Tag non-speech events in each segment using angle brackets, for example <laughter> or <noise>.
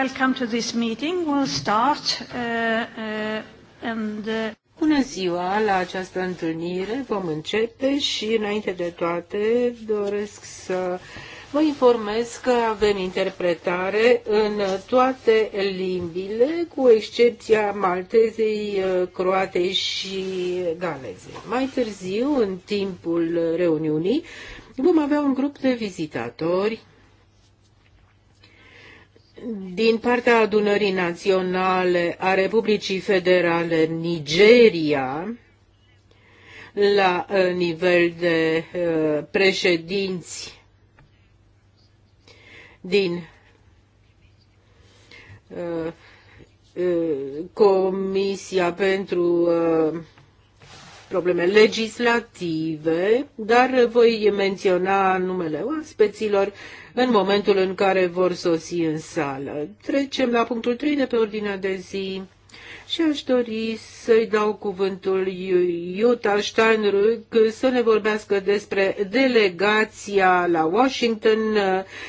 Welcome to this meeting. We'll start uh, uh, and uh... Bună ziua la această întâlnire. Vom începe și înainte de toate doresc să vă informez că avem interpretare în toate limbile, cu excepția maltezei, uh, croatei și galezei. Mai târziu, în timpul reuniunii, vom avea un grup de vizitatori din partea adunării naționale a Republicii Federale Nigeria, la uh, nivel de uh, președinți din uh, Comisia pentru probleme legislative, dar voi menționa numele oaspeților în momentul în care vor sosi în sală. Trecem la punctul 3 de pe ordinea de zi și aș dori să-i dau cuvântul Iuta Steinrück să ne vorbească despre delegația la Washington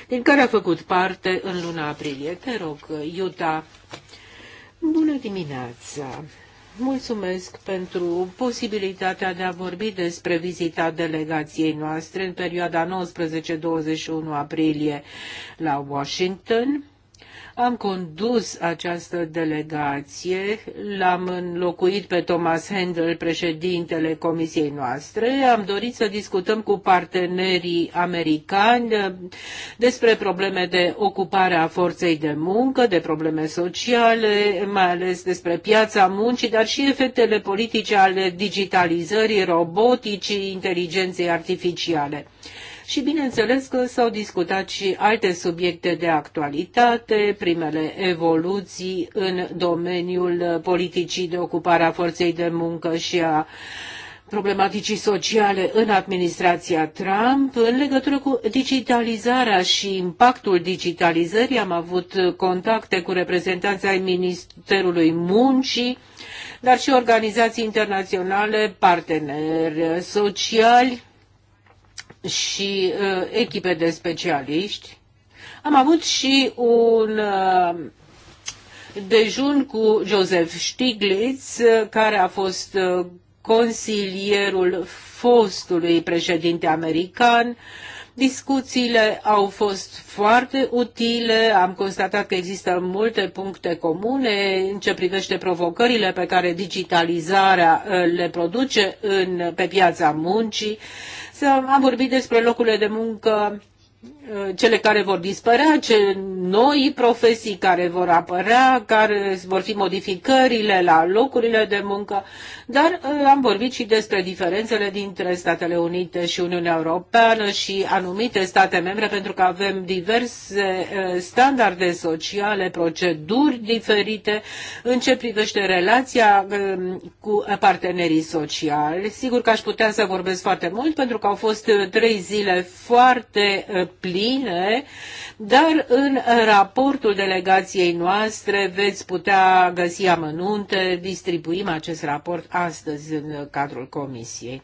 din care a făcut parte în luna aprilie. Te rog, Iuta. Bună dimineața! mulțumesc pentru posibilitatea de a vorbi despre vizita delegației noastre în perioada 19-21 aprilie la Washington. Am condus această delegație, l-am înlocuit pe Thomas Handel, președintele comisiei noastre. Am dorit să discutăm cu partenerii americani eh, despre probleme de ocupare a forței de muncă, de probleme sociale, mai ales despre piața muncii, dar și efectele politice ale digitalizării, roboticii, inteligenței artificiale. Și bineînțeles că s-au discutat și alte subiecte de actualitate, primele evoluții în domeniul politicii de ocupare a forței de muncă și a problematicii sociale în administrația Trump. În legătură cu digitalizarea și impactul digitalizării am avut contacte cu reprezentanții ai Ministerului Muncii, dar și organizații internaționale, parteneri sociali și uh, echipe de specialiști. Am avut și un uh, dejun cu Joseph Stiglitz, uh, care a fost uh, consilierul fostului președinte american. Discuțiile au fost foarte utile, am constatat că există multe puncte comune în ce privește provocările pe care digitalizarea uh, le produce în, pe piața muncii. Însă am vorbit despre locurile de muncă uh, cele care vor dispărea, ce noi profesii care vor apărea, care vor fi modificările la locurile de muncă. Dar uh, am vorbit și despre diferențele dintre Statele Unite și Uniunea Europeană și anumite state membre, pentru că avem diverse uh, standarde sociale, proceduri diferite în ce privește relația um, cu partenerii sociali. Sigur că aș putea să vorbesc foarte mult, pentru că au fost uh, trei zile foarte pline, dar în raportul delegației noastre veți putea găsi amănunte, distribuim acest raport astăzi în cadrul comisiei.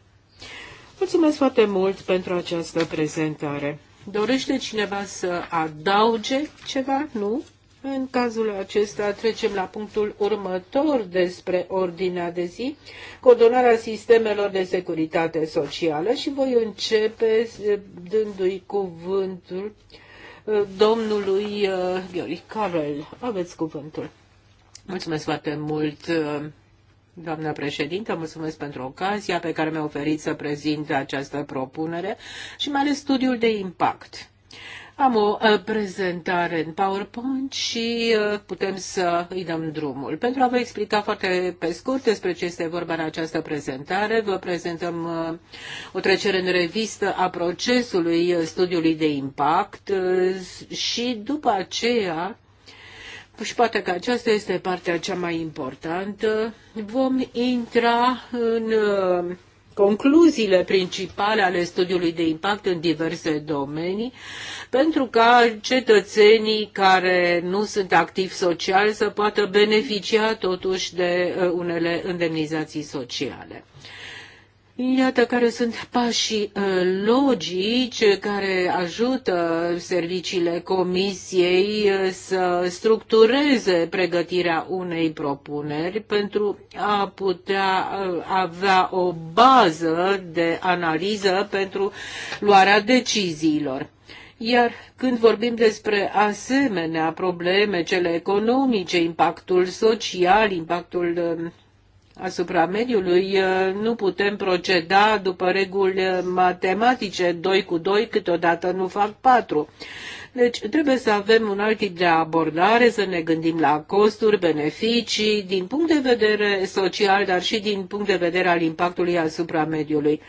Mulțumesc foarte mult pentru această prezentare. Dorește cineva să adauge ceva? Nu? În cazul acesta trecem la punctul următor despre ordinea de zi, coordonarea sistemelor de securitate socială și voi începe dându-i cuvântul uh, domnului uh, Gheorghe Carel. Aveți cuvântul. Mulțumesc foarte mult, uh, Doamnă președintă, mulțumesc pentru ocazia pe care mi-a oferit să prezint această propunere și mai ales studiul de impact. Am o uh, prezentare în PowerPoint și uh, putem să îi dăm drumul. Pentru a vă explica foarte pe scurt despre ce este vorba în această prezentare, vă prezentăm uh, o trecere în revistă a procesului studiului de impact și după aceea și poate că aceasta este partea cea mai importantă, vom intra în uh, concluziile principale ale studiului de impact în diverse domenii, pentru ca cetățenii care nu sunt activi social să poată beneficia totuși de uh, unele indemnizații sociale. Iată care sunt pașii uh, logici care ajută serviciile comisiei uh, să structureze pregătirea unei propuneri pentru a putea uh, avea o bază de analiză pentru luarea deciziilor. Iar când vorbim despre asemenea probleme, cele economice, impactul social, impactul asupra mediului, uh, nu putem proceda după reguli uh, matematice, 2 cu 2 câteodată nu fac 4. Deci trebuie să avem un alt tip de abordare, să ne gândim la costuri, beneficii, din punct de vedere social, dar și din punct de vedere al impactului asupra mediului.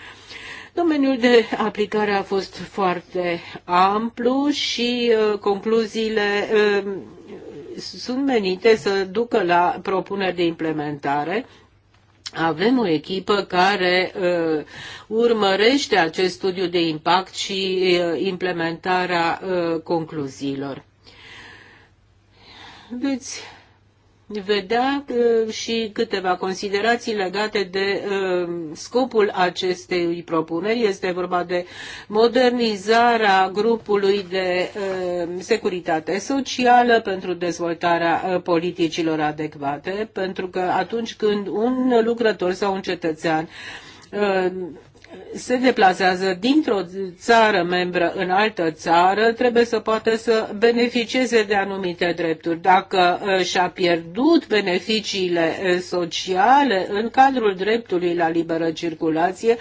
Domeniul de aplicare a fost foarte amplu și uh, concluziile sunt menite să ducă la propuneri de implementare avem o echipă care uh, urmărește acest studiu de impact și uh, implementarea uh, concluziilor. Veți vedea uh, și câteva considerații legate de uh, scopul acestei propuneri. Este vorba de modernizarea grupului de uh, securitate socială pentru dezvoltarea politicilor adecvate, pentru că atunci când un lucrător sau un cetățean se deplasează dintr-o țară membră în altă țară, trebuie să poată să beneficieze de anumite drepturi. Dacă uh, și-a pierdut beneficiile uh, sociale în cadrul dreptului la liberă circulație,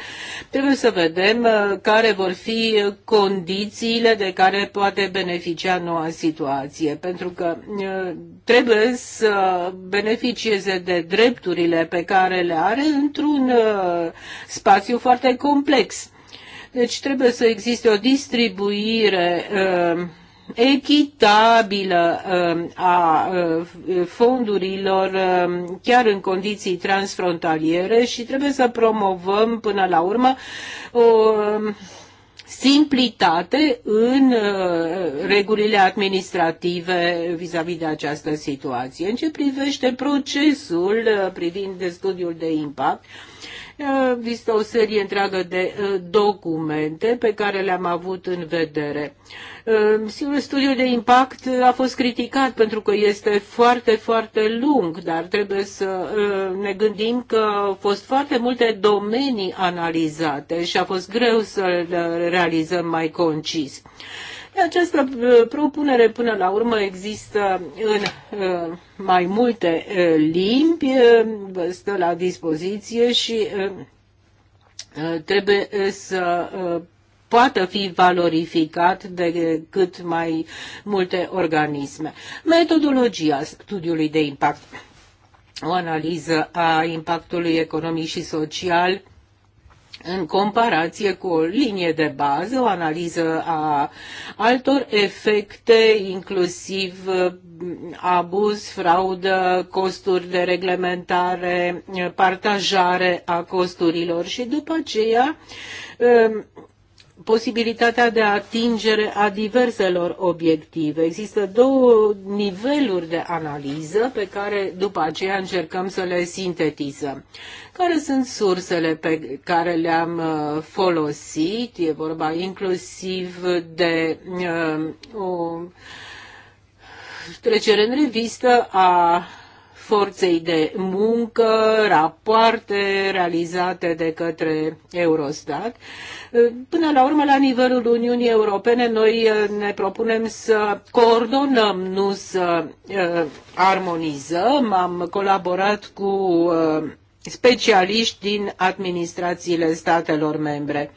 trebuie să vedem uh, care vor fi condițiile de care poate beneficia noua situație, pentru că trebuie să beneficieze de drepturile pe care le are într-un spațiu foarte complex. Deci trebuie să existe o distribuire uh, echitabilă uh, a uh, fondurilor uh, chiar în condiții transfrontaliere și trebuie să promovăm până la urmă o um, simplitate în regulile administrative vis-a-vis -vis de această situație. În ce privește procesul privind studiul de impact, Eh, există o serie întreagă de eh, documente pe care le-am avut în vedere. Eh, studiul de impact a fost criticat pentru că este foarte, foarte lung, dar trebuie să ne gândim că au fost foarte multe domenii analizate și a fost greu să-l realizăm mai concis. Această uh, propunere până la urmă există în uh, mai multe uh, limbi, stă la dispoziție și trebuie să poată fi valorificat de cât mai multe organisme. Metodologia studiului de impact. O analiză a impactului economic și social în comparație cu o linie de bază, o analiză a altor efecte, inclusiv uh, abuz, fraudă, costuri de reglementare, uh, partajare a costurilor și după aceea uh, posibilitatea de atingere a diverselor obiective. Există două niveluri de analiză pe care după aceea încercăm să le sintetizăm. Care sunt sursele pe care le-am uh, folosit? E vorba inclusiv de uh, o trecere în revistă a forței de muncă, rapoarte realizate de către Eurostat. Până la urmă, la nivelul Uniunii Europene, noi uh, ne propunem să coordonăm, nu să uh, armonizăm. Am colaborat cu uh, specialiști din administrațiile statelor membre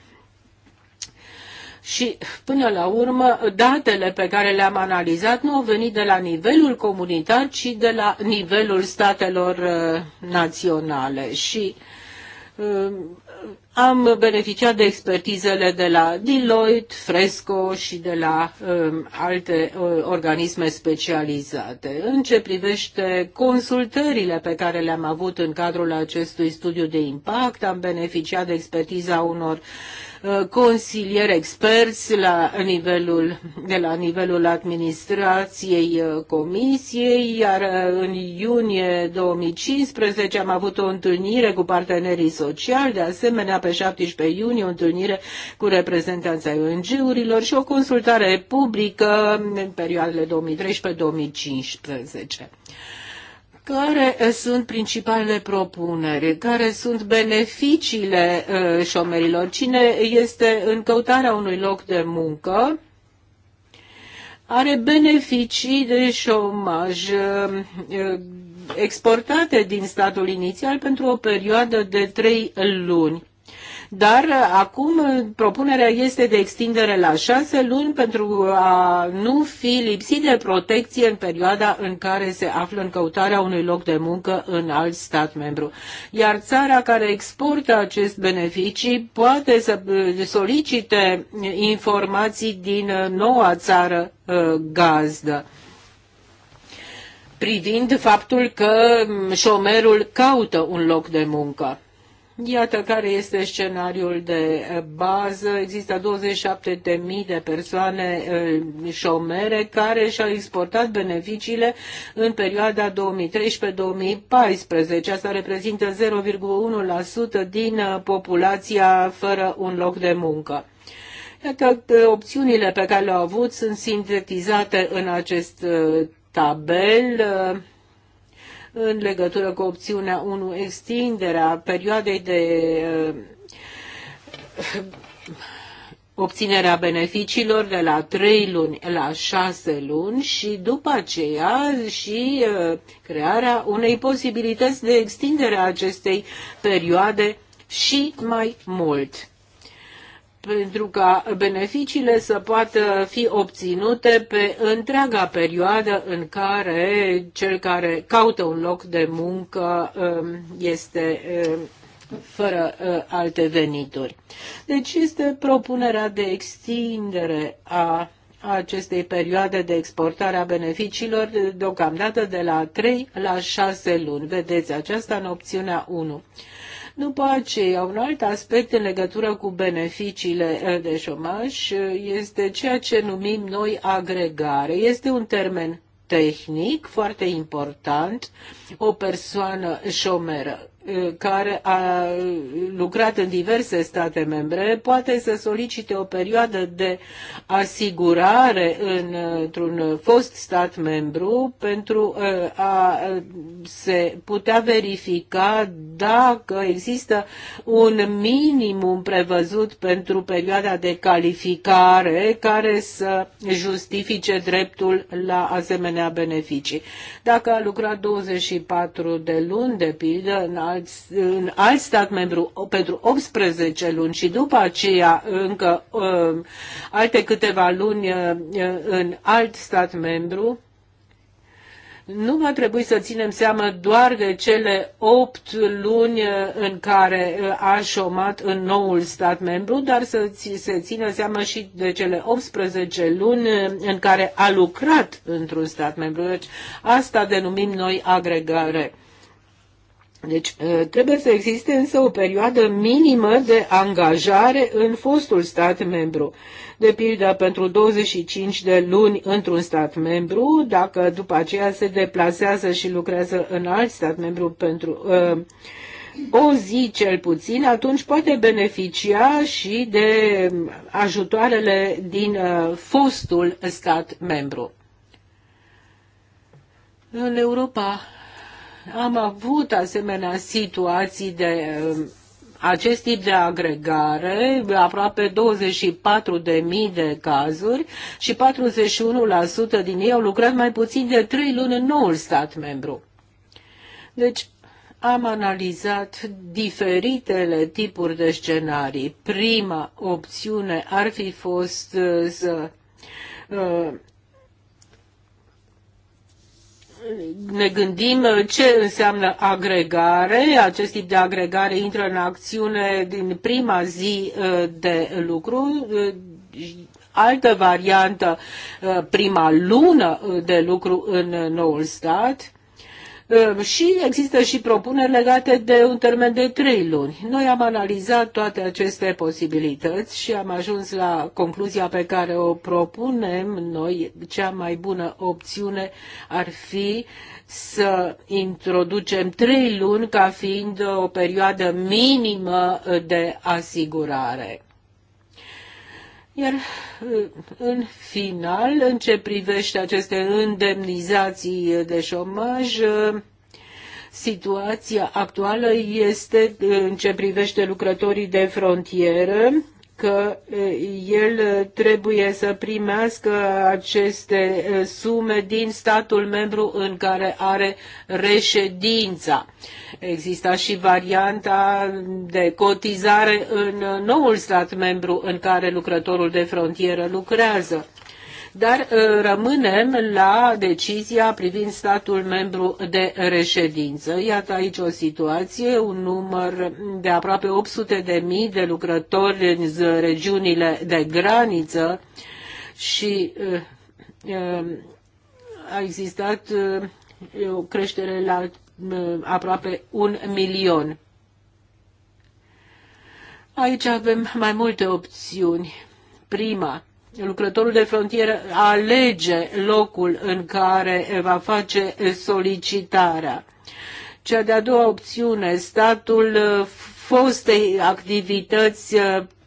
și, până la urmă, datele pe care le-am analizat nu au venit de la nivelul comunitar, ci de la nivelul statelor uh, naționale. Și uh, am beneficiat de expertizele de la Deloitte, Fresco și de la um, alte uh, organisme specializate. În ce privește consultările pe care le-am avut în cadrul acestui studiu de impact, am beneficiat de expertiza unor uh, Uh, consilieri experți la nivelul, de la nivelul administrației uh, comisiei, iar uh, în iunie 2015 am avut o întâlnire cu partenerii sociali, de asemenea pe 17 iunie o întâlnire cu reprezentanța ONG-urilor și o consultare publică în perioadele 2013-2015. Care eh, sunt principalele propuneri? Care sunt beneficiile eh, șomerilor? Cine este în căutarea unui loc de muncă? Are beneficii de șomaj eh, exportate din statul inițial pentru o perioadă de trei luni dar uh, acum uh, propunerea este de extindere la șase luni pentru a nu fi lipsit de protecție în perioada în care se află în căutarea unui loc de muncă în alt stat membru. Iar țara care exportă acest beneficii poate să uh, solicite informații din noua țară gazdă privind faptul că um, șomerul caută un loc de muncă. Iată care este scenariul de bază. Există 27.000 de persoane eh, șomere care și-au exportat beneficiile în perioada 2013-2014. Asta reprezintă 0,1% din eh, populația fără un loc de muncă. Iată că eh, opțiunile pe care le-au avut sunt sintetizate în acest tabel în legătură cu opțiunea 1, extinderea perioadei de uh, obținerea beneficiilor de la 3 luni la 6 luni și după aceea și uh, crearea unei posibilități de extindere a acestei perioade și mai mult pentru ca beneficiile să poată fi obținute pe întreaga perioadă în care cel care caută un loc de muncă um, este um, fără uh, alte venituri. Deci este propunerea de extindere a acestei perioade de exportare a beneficiilor deocamdată de la 3 la 6 luni. Vedeți aceasta în opțiunea 1. După aceea, un alt aspect în legătură cu beneficiile eh, de șomaj eh, este ceea ce numim noi agregare. Este un termen tehnic foarte important. O persoană șomeră care a lucrat în diverse state membre poate să solicite o perioadă de asigurare într-un fost stat membru pentru uh, a se putea verifica dacă există un minimum prevăzut pentru perioada de calificare care să justifice dreptul la asemenea beneficii. Dacă a lucrat 24 de luni, de pildă, în alt, în alt stat membru pentru 18 luni și după aceea încă uh, alte câteva luni uh, uh, în alt stat membru, nu va trebui să ținem seama doar de cele opt luni în care a șomat în noul stat membru, dar să se țină seama și de cele 18 luni în care a lucrat într-un stat membru. Deci asta denumim noi agregare. Deci ă, trebuie să existe însă o perioadă minimă de angajare în fostul stat membru. De pildă pentru 25 de luni într-un stat membru, dacă după aceea se deplasează și lucrează în alt stat membru pentru uh, o zi cel puțin, atunci poate beneficia și de ajutoarele din uh, fostul stat membru. În Europa am avut asemenea situații de um, acest tip de agregare, aproape 24.000 de cazuri și 41% din ei au lucrat mai puțin de 3 luni în noul stat membru. Deci, am analizat diferitele tipuri de scenarii. Prima opțiune ar fi fost uh, să uh, ne gândim uh, ce înseamnă agregare. Acest tip de agregare intră în acțiune din prima zi uh, de lucru. Uh, altă variantă, prima lună de lucru în noul stat Ehm, și există și propuneri legate de un termen de trei luni. Noi am analizat toate aceste posibilități și am ajuns la concluzia pe care o propunem noi. Cea mai bună opțiune ar fi să introducem trei luni ca fiind o perioadă minimă de asigurare. Iar uh, în final, în ce privește aceste indemnizații de șomaj, uh, situația actuală este, uh, în ce privește lucrătorii de frontieră, că el trebuie să primească aceste sume din statul membru în care are reședința. Exista și varianta de cotizare în noul stat membru în care lucrătorul de frontieră lucrează dar uh, rămânem la decizia privind statul membru de reședință. Iată aici o situație, un număr de aproape 800 de mii de lucrători în regiunile de graniță și uh, um, a existat uh, o creștere la aproape un milion. Aici avem mai multe opțiuni. Prima, lucrătorul de frontieră alege locul în care va face solicitarea. Cea de-a doua opțiune, statul fostei activități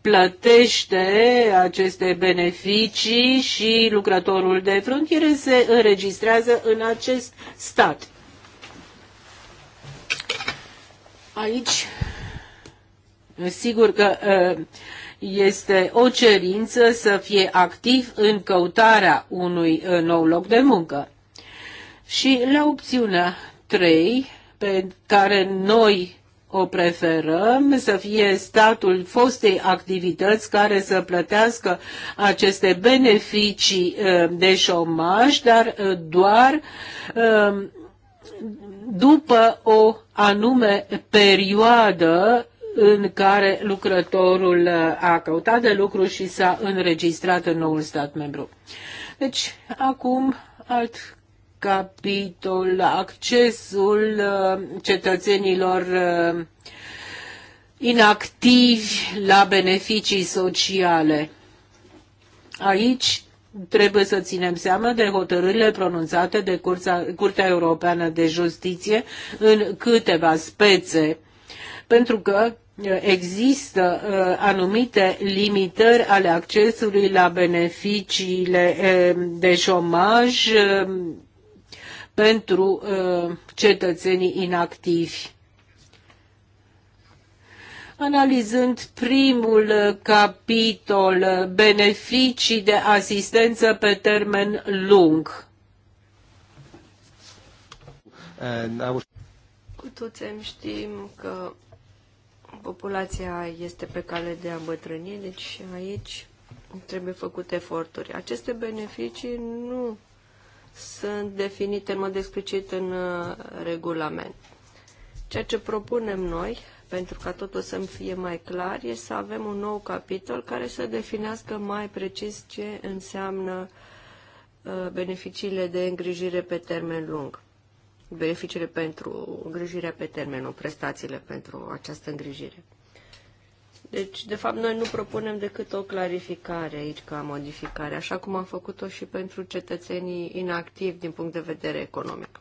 plătește aceste beneficii și lucrătorul de frontieră se înregistrează în acest stat. Aici, sigur că uh, este o cerință să fie activ în căutarea unui uh, nou loc de muncă. Și la opțiunea 3, pe care noi o preferăm să fie statul fostei activități care să plătească aceste beneficii uh, de șomaj, dar uh, doar după o anume perioadă în care lucrătorul uh, a căutat de lucru și s-a înregistrat în noul stat membru. Deci, acum, alt capitol, accesul uh, cetățenilor uh, inactivi la beneficii sociale. Aici trebuie să ținem seama de hotărârile pronunțate de Curța, Curtea Europeană de Justiție în câteva spețe, pentru că există uh, anumite limitări ale accesului la beneficiile uh, de șomaj uh, pentru cetățenii inactivi. Analizând primul capitol, beneficii de asistență pe termen lung. Cu toți știm că populația este pe cale de a îmbătrâni, deci aici trebuie făcute eforturi. Aceste beneficii nu sunt definite în mod explicit în uh, regulament. Ceea ce propunem noi, pentru ca totul să fie mai clar, este să avem un nou capitol care să definească mai precis ce înseamnă uh, beneficiile de îngrijire pe termen lung beneficiile pentru îngrijirea pe termen, o prestațiile pentru această îngrijire. Deci, de fapt, noi nu propunem decât o clarificare aici ca modificare, așa cum am făcut-o și pentru cetățenii inactivi din punct de vedere economic.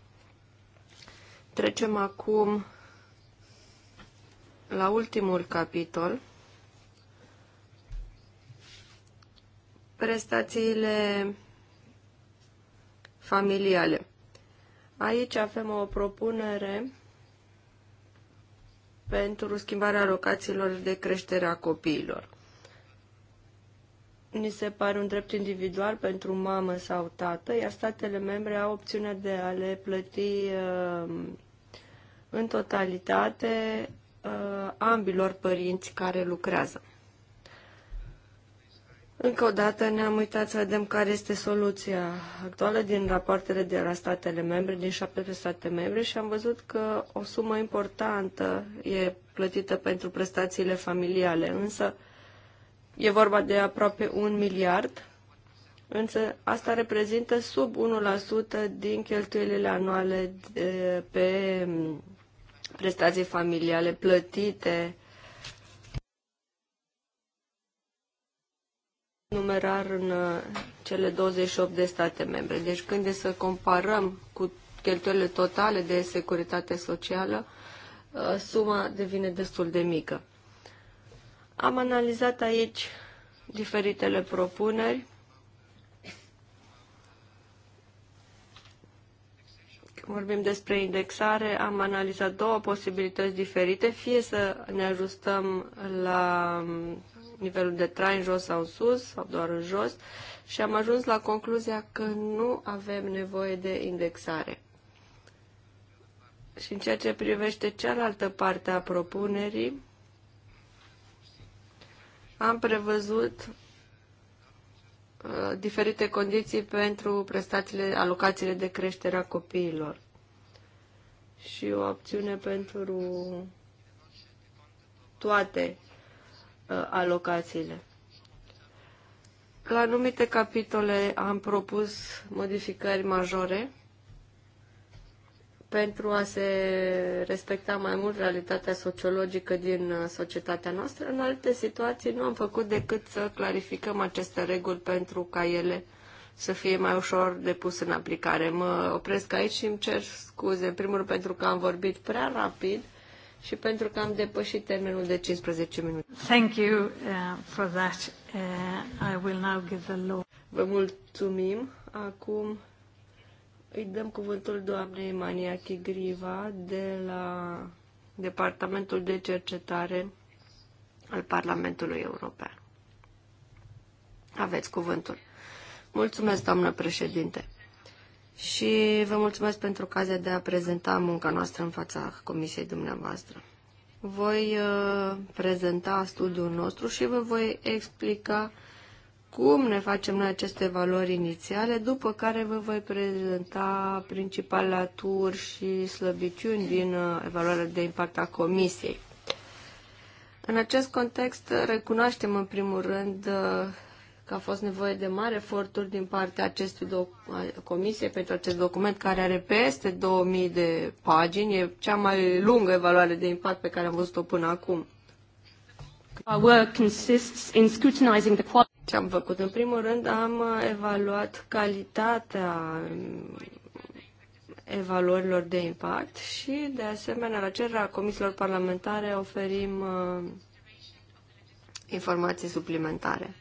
Trecem acum la ultimul capitol. Prestațiile familiale. Aici avem o propunere pentru schimbarea locațiilor de creștere a copiilor. Ni se pare un drept individual pentru mamă sau tată, iar statele membre au opțiunea de a le plăti uh, în totalitate uh, ambilor părinți care lucrează. Încă o dată ne-am uitat să vedem care este soluția actuală din rapoartele de la statele membre, din șapte state membre și am văzut că o sumă importantă e plătită pentru prestațiile familiale, însă e vorba de aproape un miliard, însă asta reprezintă sub 1% din cheltuielile anuale de, pe mm, prestații familiale plătite numerar în uh, cele 28 de state membre. Deci când e să comparăm cu cheltuielile totale de securitate socială, uh, suma devine destul de mică. Am analizat aici diferitele propuneri. Când vorbim despre indexare, am analizat două posibilități diferite, fie să ne ajustăm la um, nivelul de trai în jos sau în sus sau doar în jos și am ajuns la concluzia că nu avem nevoie de indexare. Și în ceea ce privește cealaltă parte a propunerii, am prevăzut uh, diferite condiții pentru prestațiile, alocațiile de creștere a copiilor și o opțiune pentru toate Uh, alocațiile. La anumite capitole am propus modificări majore pentru a se respecta mai mult realitatea sociologică din uh, societatea noastră. În alte situații nu am făcut decât să clarificăm aceste reguli pentru ca ele să fie mai ușor de pus în aplicare. Mă opresc aici și îmi cer scuze, în primul rând, pentru că am vorbit prea rapid și pentru că am depășit termenul de 15 minute. Thank you uh, for that. Uh, I will now give the law. Vă mulțumim. Acum îi dăm cuvântul doamnei Mania Griva de la Departamentul de Cercetare al Parlamentului European. Aveți cuvântul. Mulțumesc, doamnă președinte și vă mulțumesc pentru ocazia de a prezenta munca noastră în fața comisiei dumneavoastră. Voi uh, prezenta studiul nostru și vă voi explica cum ne facem noi aceste valori inițiale, după care vă voi prezenta principalele aturi și slăbiciuni din uh, evaluarea de impact a comisiei. În acest context, recunoaștem în primul rând uh, că a fost nevoie de mari eforturi din partea acestui doc- comisie pentru acest document care are peste 2000 de pagini. E cea mai lungă evaluare de impact pe care am văzut-o până acum. Our work consists in scrutinizing the quality ce am făcut? În primul rând am uh, evaluat calitatea um, evaluărilor de impact și, de asemenea, la cererea comisiilor parlamentare oferim uh, informații suplimentare.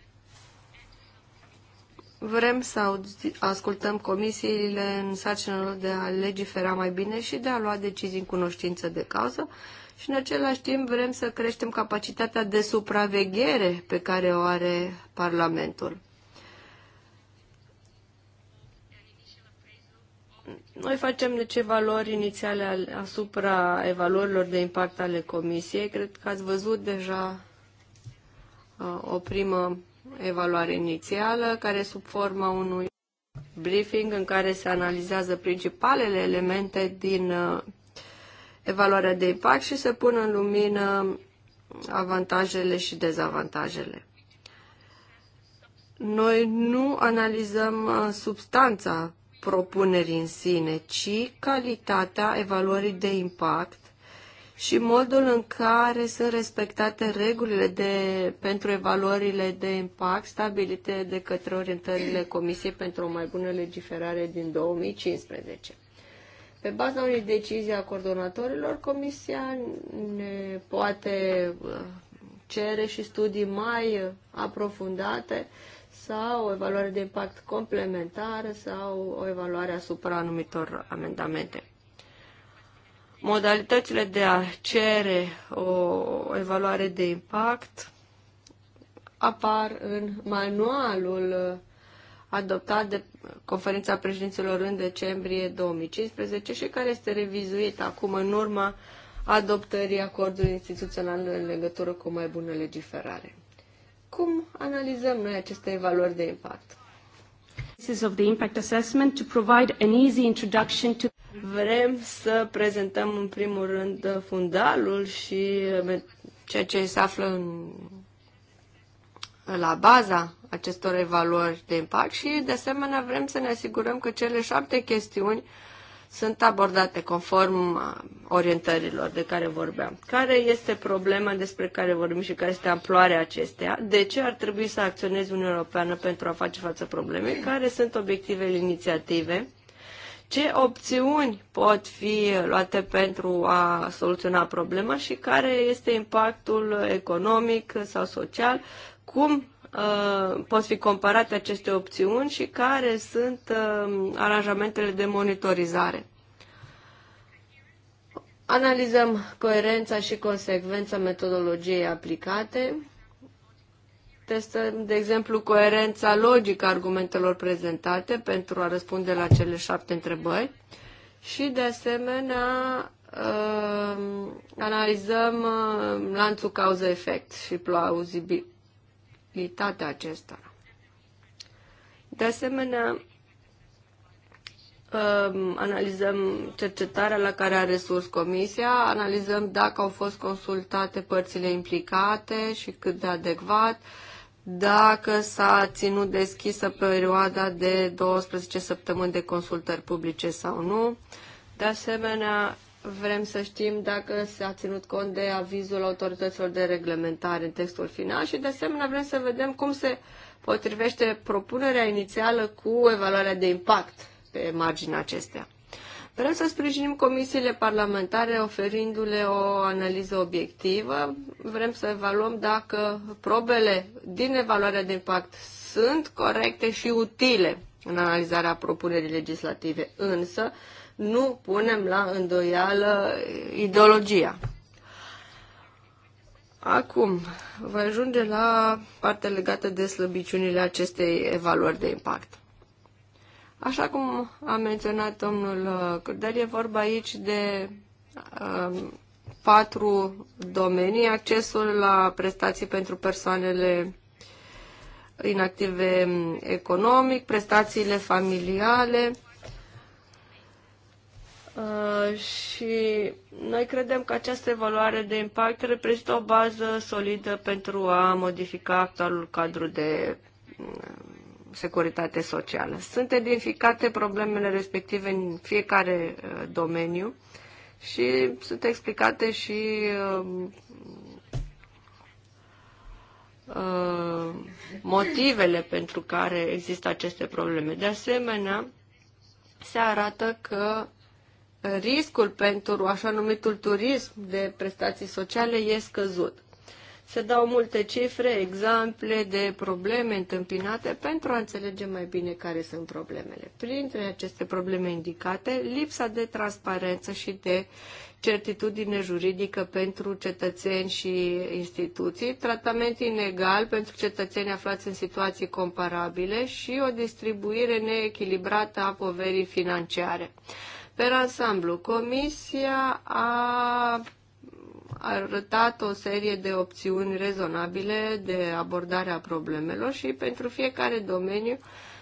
Vrem să ascultăm comisiile în sarcinul de a legifera mai bine și de a lua decizii în cunoștință de cauză și în același timp vrem să creștem capacitatea de supraveghere pe care o are Parlamentul. Noi facem niște valori inițiale asupra evaluărilor de impact ale Comisiei. Cred că ați văzut deja uh, o primă evaluare inițială, care sub forma unui briefing în care se analizează principalele elemente din uh, evaluarea de impact și se pun în lumină avantajele și dezavantajele. Noi nu analizăm uh, substanța propunerii în sine, ci calitatea evaluării de impact și modul în care sunt respectate regulile de, pentru evaluările de impact stabilite de către orientările Comisiei pentru o mai bună legiferare din 2015. Pe baza unei decizii a coordonatorilor, Comisia ne poate uh, cere și studii mai aprofundate sau o evaluare de impact complementară sau o evaluare asupra anumitor amendamente modalitățile de a cere o evaluare de impact apar în manualul adoptat de conferința președinților în decembrie 2015 și care este revizuit acum în urma adoptării acordului instituțional în legătură cu mai bună legiferare. Cum analizăm noi aceste evaluări de impact? Of the impact assessment to provide an easy introduction to Vrem să prezentăm în primul rând fundalul și eh, ceea ce se află în, la baza acestor evaluări de impact și, de asemenea, vrem să ne asigurăm că cele șapte chestiuni sunt abordate conform eh, orientărilor de care vorbeam. Care este problema despre care vorbim și care este amploarea acesteia? De ce ar trebui să acționeze Uniunea Europeană pentru a face față problemei? Care sunt obiectivele inițiative? ce opțiuni pot fi luate pentru a soluționa problema și care este impactul economic sau social, cum uh, pot fi comparate aceste opțiuni și care sunt uh, aranjamentele de monitorizare. Analizăm coerența și consecvența metodologiei aplicate testăm, de exemplu, coerența logică a argumentelor prezentate pentru a răspunde la cele șapte întrebări și, de asemenea, um, analizăm um, lanțul cauză-efect și plauzibilitatea acesta. De asemenea, um, analizăm cercetarea la care a resurs comisia, analizăm dacă au fost consultate părțile implicate și cât de adecvat, dacă s-a ținut deschisă perioada de 12 săptămâni de consultări publice sau nu. De asemenea, vrem să știm dacă s-a ținut cont de avizul autorităților de reglementare în textul final și, de asemenea, vrem să vedem cum se potrivește propunerea inițială cu evaluarea de impact pe marginea acestea. Vrem să sprijinim comisiile parlamentare oferindu-le o analiză obiectivă. Vrem să evaluăm dacă probele din evaluarea de impact sunt corecte și utile în analizarea propunerii legislative, însă nu punem la îndoială ideologia. Acum, voi ajunge la partea legată de slăbiciunile acestei evaluări de impact. Așa cum a menționat domnul uh, Cordel, e vorba aici de um, patru domenii. Accesul la prestații pentru persoanele inactive economic, prestațiile familiale, Uh, și noi credem că această evaluare de impact reprezintă o bază solidă pentru a modifica actualul cadru de uh, securitate socială. Sunt identificate problemele respective în fiecare uh, domeniu și sunt explicate și uh, uh, motivele pentru care există aceste probleme. De asemenea, se arată că riscul pentru așa numitul turism de prestații sociale e scăzut. Se dau multe cifre, exemple de probleme întâmpinate pentru a înțelege mai bine care sunt problemele. Printre aceste probleme indicate, lipsa de transparență și de certitudine juridică pentru cetățeni și instituții, tratament inegal pentru cetățeni aflați în situații comparabile și o distribuire neechilibrată a poverii financiare. Per ansamblu, Comisia a arătat o serie de opțiuni rezonabile de abordare a problemelor și pentru fiecare domeniu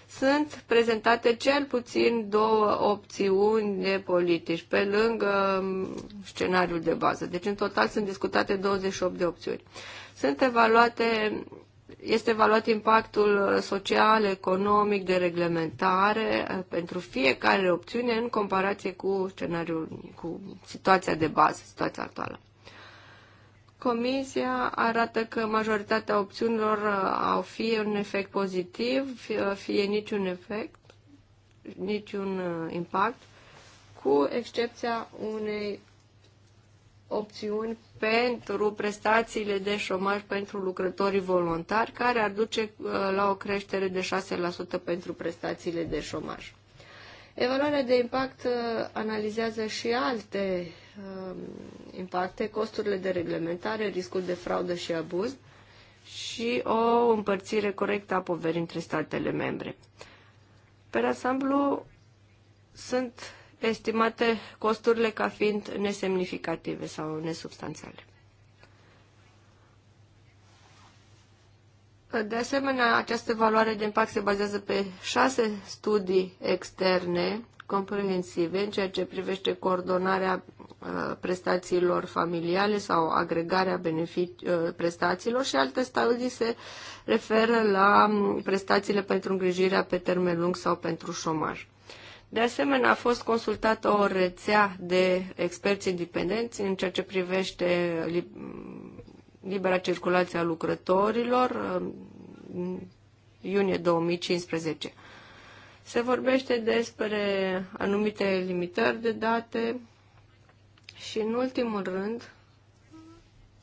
sunt prezentate cel puțin două opțiuni de politici pe lângă mm, scenariul de bază. Deci în total sunt discutate 28 de opțiuni. Sunt evaluate este evaluat impactul social, economic, de reglementare eh, pentru fiecare opțiune în comparație cu scenariul, cu situația de bază, situația actuală. Comisia arată că majoritatea opțiunilor uh, au fie un efect pozitiv, uh, fie, niciun efect, niciun uh, impact, cu excepția unei opțiuni pentru prestațiile de șomaj pentru lucrătorii voluntari, care ar duce la o creștere de 6% pentru prestațiile de șomaj. Evaluarea de impact analizează și alte um, impacte, costurile de reglementare, riscul de fraudă și abuz și o împărțire corectă a poverii între statele membre. Pe ansamblu sunt estimate costurile ca fiind nesemnificative sau nesubstanțiale. De asemenea, această valoare de impact se bazează pe șase studii externe comprehensive în ceea ce privește coordonarea Uh, prestațiilor familiale sau agregarea uh, prestațiilor și alte studii se referă la um, prestațiile pentru îngrijirea pe termen lung sau pentru șomaj. De asemenea, a fost consultată o rețea de experți independenți în ceea ce privește libera circulație a lucrătorilor um, iunie 2015. Se vorbește despre anumite limitări de date, și în ultimul rând,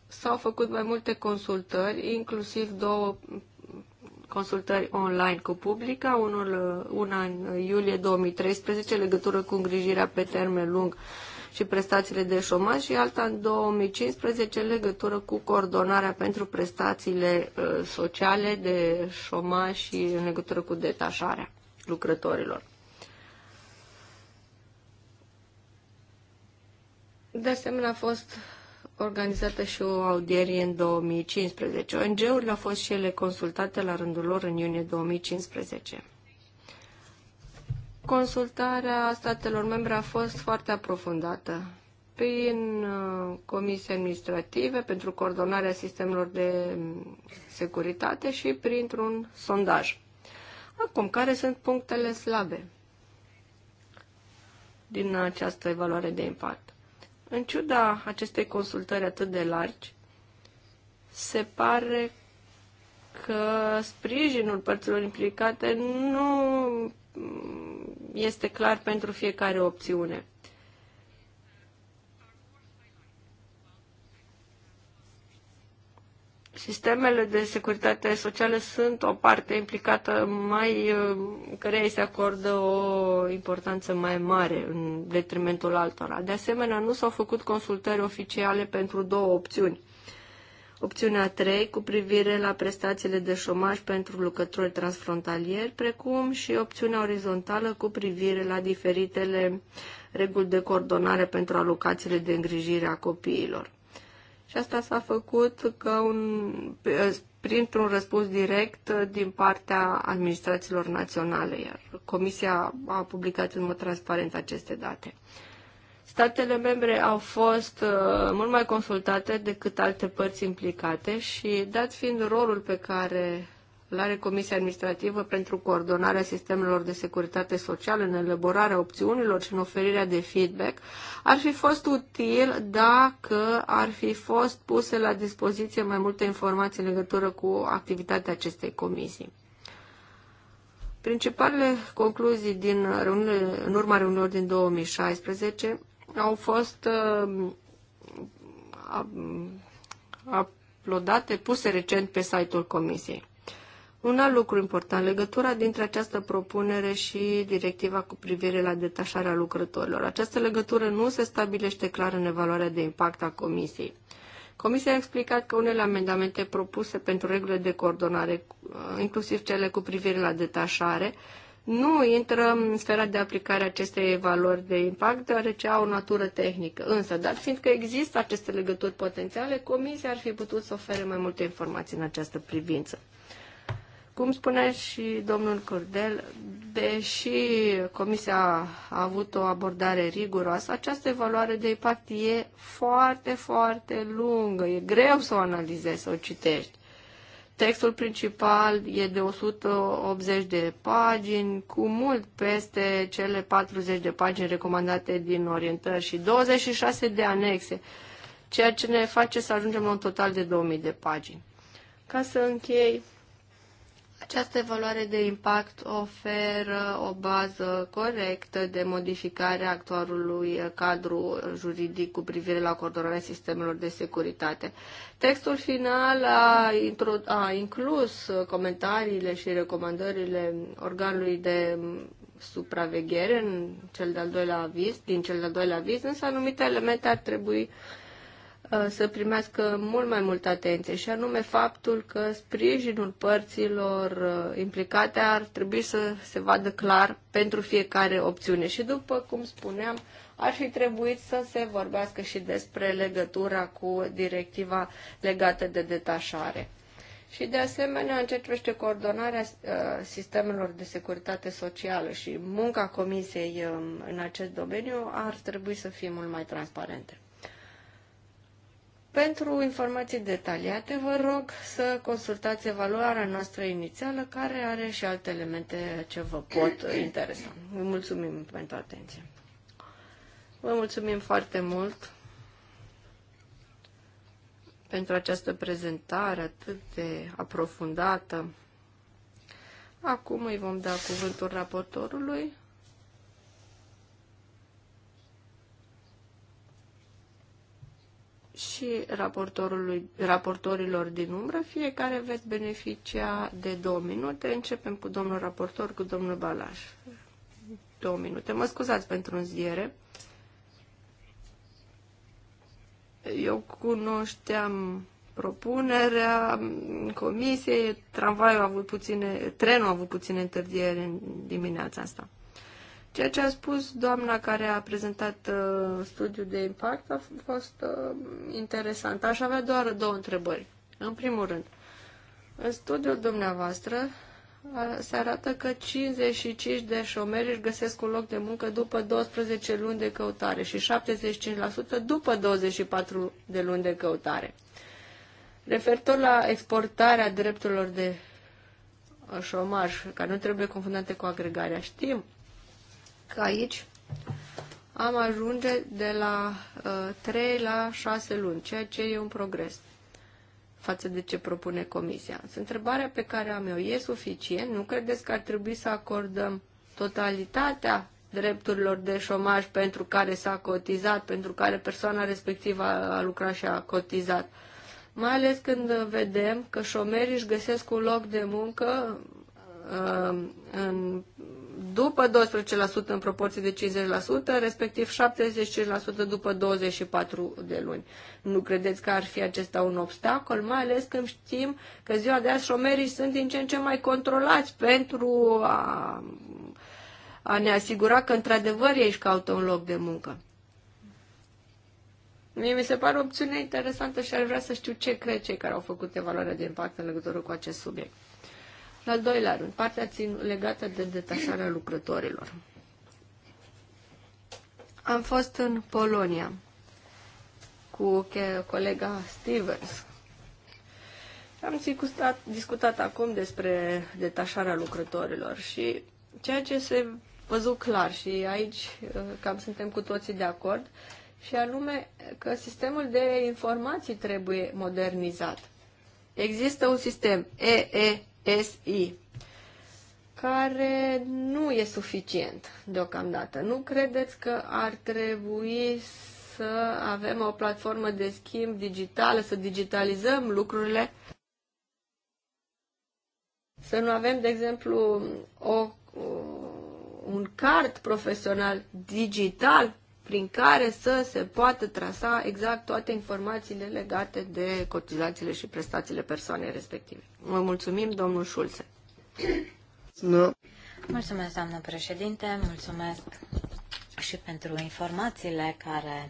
s-au făcut mai multe consultări, inclusiv două consultări online cu publica, unul, una în iulie 2013, legătură cu îngrijirea pe termen lung și prestațiile de șomaj și alta în 2015 legătură cu coordonarea pentru prestațiile uh, sociale de șomaj și în legătură cu detașarea lucrătorilor. De asemenea, a fost organizată și o audierie în 2015. ONG-urile au fost și ele consultate la rândul lor în iunie 2015. Consultarea statelor membre a fost foarte aprofundată prin uh, comisii administrative pentru coordonarea sistemelor de mm, securitate și printr-un sondaj. Acum, care sunt punctele slabe din această evaluare de impact? În ciuda acestei consultări atât de largi, se pare că sprijinul părților implicate nu este clar pentru fiecare opțiune. Sistemele de securitate socială sunt o parte implicată mai, uh, care se acordă o importanță mai mare în detrimentul altora. De asemenea, nu s-au făcut consultări oficiale pentru două opțiuni. Opțiunea 3 cu privire la prestațiile de șomaj pentru lucrători transfrontalieri, precum și opțiunea orizontală cu privire la diferitele reguli de coordonare pentru alocațiile de îngrijire a copiilor. Și asta s-a făcut că un, printr-un răspuns direct din partea administrațiilor naționale, iar Comisia a publicat în mod transparent aceste date. Statele membre au fost uh, mult mai consultate decât alte părți implicate și, dat fiind rolul pe care la Comisia Administrativă pentru coordonarea sistemelor de securitate socială în elaborarea opțiunilor și în oferirea de feedback, ar fi fost util dacă ar fi fost puse la dispoziție mai multe informații în legătură cu activitatea acestei comisii. Principalele concluzii din reunile, în urma reunilor din 2016 au fost uh, uploadate, puse recent pe site-ul Comisiei. Un alt lucru important, legătura dintre această propunere și directiva cu privire la detașarea lucrătorilor. Această legătură nu se stabilește clar în evaluarea de impact a Comisiei. Comisia a explicat că unele amendamente propuse pentru regulile de coordonare, inclusiv cele cu privire la detașare, nu intră în sfera de aplicare a acestei valori de impact, deoarece au o natură tehnică. Însă, dar fiindcă că există aceste legături potențiale, Comisia ar fi putut să ofere mai multe informații în această privință. Cum spunea și domnul Cordel, deși Comisia a avut o abordare riguroasă, această evaluare de impact e foarte, foarte lungă. E greu să o analizezi, să o citești. Textul principal e de 180 de pagini, cu mult peste cele 40 de pagini recomandate din orientări și 26 de anexe, ceea ce ne face să ajungem la un total de 2000 de pagini. Ca să închei, această evaluare de impact oferă o bază corectă de modificare a actualului cadru juridic cu privire la coordonarea sistemelor de securitate. Textul final a, a inclus comentariile și recomandările organului de supraveghere în cel de-al doilea aviz, din cel de-al doilea aviz, însă anumite elemente ar trebui Uh, să primească mult mai multă atenție și anume faptul că sprijinul părților uh, implicate ar trebui să se vadă clar pentru fiecare opțiune și după cum spuneam ar fi trebuit să se vorbească și despre legătura cu directiva legată de detașare. Și de asemenea, în ce privește coordonarea uh, sistemelor de securitate socială și munca comisiei um, în acest domeniu, ar trebui să fie mult mai transparente. Pentru informații detaliate, vă rog să consultați evaluarea noastră inițială, care are și alte elemente ce vă pot interesa. Vă mulțumim pentru atenție. Vă mulțumim foarte mult pentru această prezentare atât de aprofundată. Acum îi vom da cuvântul raportorului, și raportorului, raportorilor din umbră. Fiecare veți beneficia de două minute. Începem cu domnul raportor, cu domnul Balaș. Două minute. Mă scuzați pentru înziere. Eu cunoșteam propunerea comisiei, tramvaiul a avut puține, trenul a avut puține întârzieri în dimineața asta. Ceea ce a spus doamna care a prezentat uh, studiul de impact a fost uh, interesant. Aș avea doar două întrebări. În primul rând, în studiul dumneavoastră a, se arată că 55 de șomeri își găsesc un loc de muncă după 12 luni de căutare și 75% după 24 de luni de căutare. Referitor la exportarea drepturilor de uh, șomaj, care nu trebuie confundate cu agregarea, știm că aici am ajunge de la uh, 3 la 6 luni, ceea ce e un progres față de ce propune Comisia. Întrebarea pe care am eu e suficient? Nu credeți că ar trebui să acordăm totalitatea drepturilor de șomaj pentru care s-a cotizat, pentru care persoana respectivă a, a lucrat și a cotizat? Mai ales când vedem că șomerii își găsesc un loc de muncă Um, în, după 12% în proporție de 50%, respectiv 75% după 24 de luni. Nu credeți că ar fi acesta un obstacol, mai ales când știm că ziua de azi șomerii sunt din ce în ce mai controlați pentru a, a ne asigura că într-adevăr ei își caută un loc de muncă. Mie mi se pare o opțiune interesantă și ar vrea să știu ce cred cei care au făcut evaluarea de impact în legătură cu acest subiect al doilea rând, partea țin, legată de detașarea lucrătorilor. Am fost în Polonia cu colega Stevens. Am discutat, discutat acum despre detașarea lucrătorilor și ceea ce se văzut clar și aici uh, cam suntem cu toții de acord, și anume că sistemul de informații trebuie modernizat. Există un sistem EE SI, care nu e suficient deocamdată. Nu credeți că ar trebui să avem o platformă de schimb digitală, să digitalizăm lucrurile? Să nu avem, de exemplu, o, un card profesional digital prin care să se poată trasa exact toate informațiile legate de cotizațiile și prestațiile persoanei respective. Vă mulțumim, domnul Șulțe. No. Mulțumesc, doamnă președinte, mulțumesc și pentru informațiile care,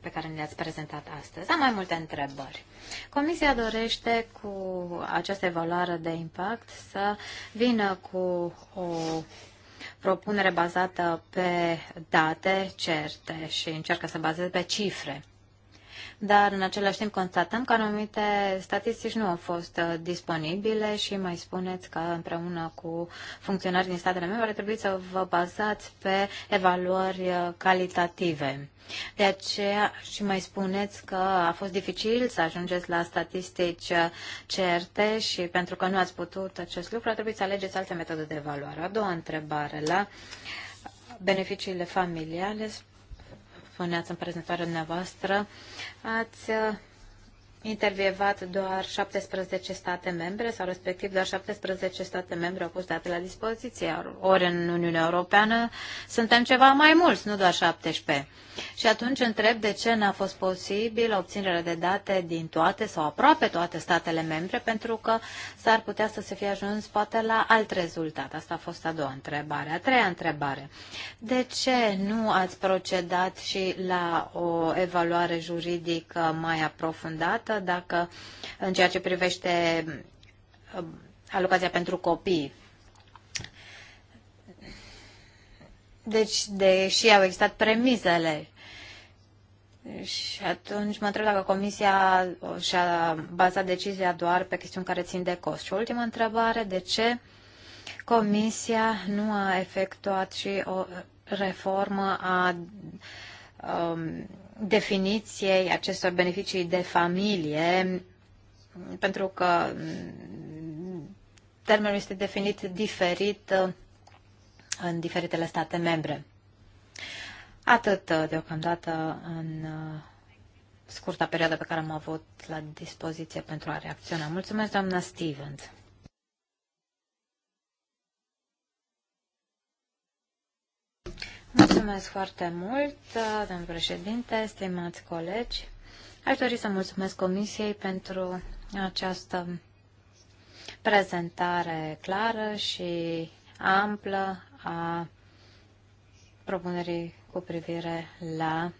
pe care le-ați prezentat astăzi. Am mai multe întrebări. Comisia dorește cu această evaluare de impact să vină cu o propunere bazată pe date certe și încearcă să bazeze pe cifre dar în același timp constatăm că anumite statistici nu au fost uh, disponibile și mai spuneți că împreună cu funcționari din statele membre trebuie să vă bazați pe evaluări uh, calitative. De aceea și mai spuneți că a fost dificil să ajungeți la statistici uh, certe și pentru că nu ați putut acest lucru, a trebuit să alegeți alte metode de evaluare. A doua întrebare la beneficiile familiale spuneați în prezentarea dumneavoastră, ați intervievat doar 17 state membre sau respectiv doar 17 state membre au pus date la dispoziție. Ori în Uniunea Europeană suntem ceva mai mulți, nu doar 17. Și atunci întreb de ce n-a fost posibil obținerea de date din toate sau aproape toate statele membre, pentru că s-ar putea să se fie ajuns poate la alt rezultat. Asta a fost a doua întrebare. A treia întrebare. De ce nu ați procedat și la o evaluare juridică mai aprofundată? dată, dacă în ceea ce privește um, alocația pentru copii. Deci, deși au existat premisele și atunci mă întreb dacă Comisia și-a bazat decizia doar pe chestiuni care țin de cost. Și ultima întrebare, de ce Comisia nu a efectuat și o reformă a um, definiției acestor beneficii de familie, pentru că termenul este definit diferit în diferitele state membre. Atât deocamdată în scurta perioadă pe care am avut la dispoziție pentru a reacționa. Mulțumesc, doamna Stevens. Mulțumesc foarte mult, domnul președinte, stimați colegi. Aș dori să mulțumesc Comisiei pentru această prezentare clară și amplă a propunerii cu privire la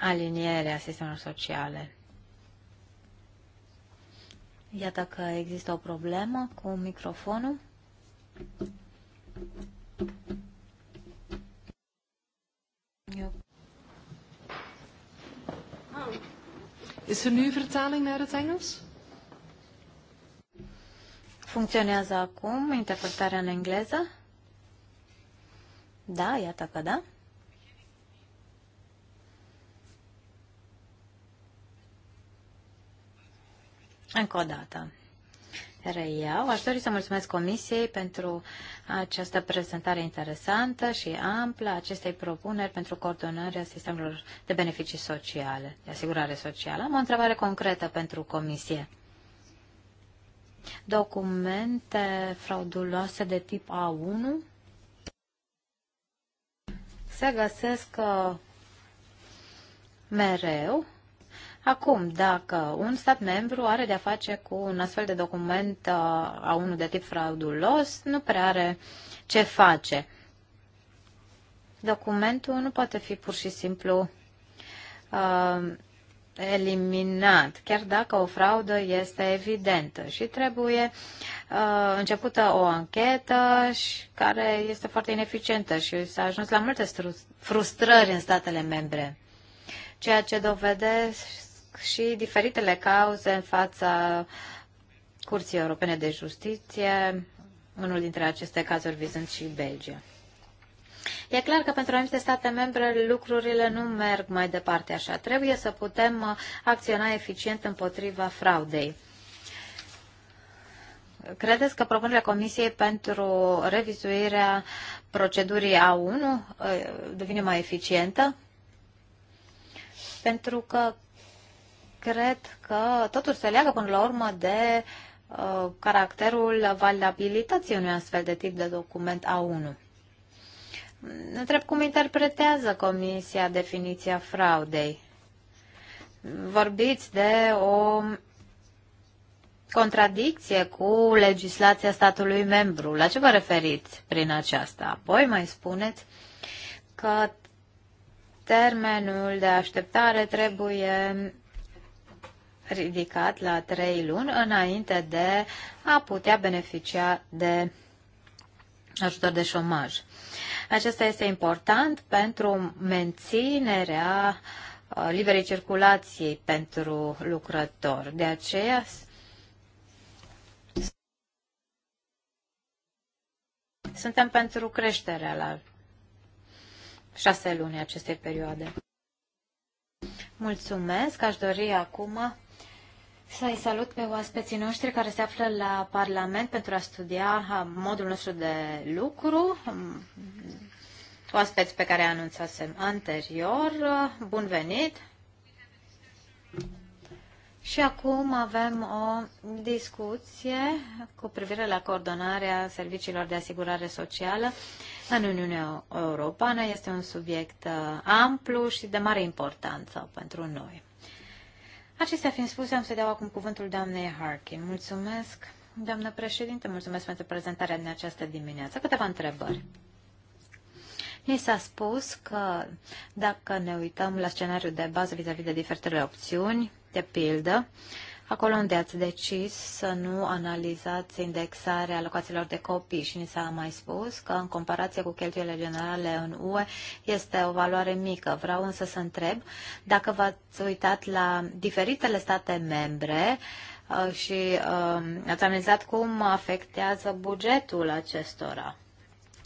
alinierea sistemelor sociale. Iată că există o problemă cu microfonul. Is er nu vertaling naar het Engels? Funcționează acum interpretarea în engleză? Da, iată că da. Încă o dată reiau. Aș dori să mulțumesc Comisiei pentru această prezentare interesantă și amplă acestei propuneri pentru coordonarea sistemelor de beneficii sociale, de asigurare socială. Am o întrebare concretă pentru Comisie. Documente frauduloase de tip A1 se găsesc uh, mereu Acum, dacă un stat membru are de-a face cu un astfel de document uh, a unul de tip fraudulos, nu prea are ce face. Documentul nu poate fi pur și simplu uh, eliminat, chiar dacă o fraudă este evidentă și trebuie uh, începută o anchetă și care este foarte ineficientă și s-a ajuns la multe frustrări în statele membre, ceea ce dovedesc și diferitele cauze în fața Curții Europene de Justiție, unul dintre aceste cazuri vizând și Belgia. E clar că pentru anumite state membre lucrurile nu merg mai departe așa. Trebuie să putem acționa eficient împotriva fraudei. Credeți că propunerea Comisiei pentru revizuirea procedurii A1 eh, devine mai eficientă? Pentru că cred că totul se leagă până la urmă de uh, caracterul valabilității unui astfel de tip de document A1. Întreb cum interpretează Comisia definiția fraudei. Vorbiți de o contradicție cu legislația statului membru. La ce vă referiți prin aceasta? Apoi mai spuneți că termenul de așteptare trebuie ridicat la trei luni înainte de a putea beneficia de ajutor de șomaj. Acesta este important pentru menținerea uh, liberei circulației pentru lucrători. De aceea suntem pentru creșterea la șase luni acestei perioade. Mulțumesc, aș dori acum să-i salut pe oaspeții noștri care se află la Parlament pentru a studia modul nostru de lucru, mm, oaspeți pe care anunțasem anterior. Bun venit! Și acum avem o discuție cu privire la coordonarea serviciilor de asigurare socială în Uniunea Europeană. Este un subiect uh, amplu și de mare importanță pentru noi. Acestea fiind spuse, am să dau acum cuvântul doamnei Harkin. Mulțumesc, doamnă președinte, mulțumesc pentru prezentarea din această dimineață. Câteva întrebări. Ni s-a spus că dacă ne uităm la scenariul de bază vis-a-vis -vis de diferitele opțiuni, de pildă, acolo unde ați decis să nu analizați indexarea alocațiilor de copii și ni s-a mai spus că în comparație cu cheltuielile generale în UE este o valoare mică. Vreau însă să întreb dacă v-ați uitat la diferitele state membre uh, și uh, ați analizat cum afectează bugetul acestora.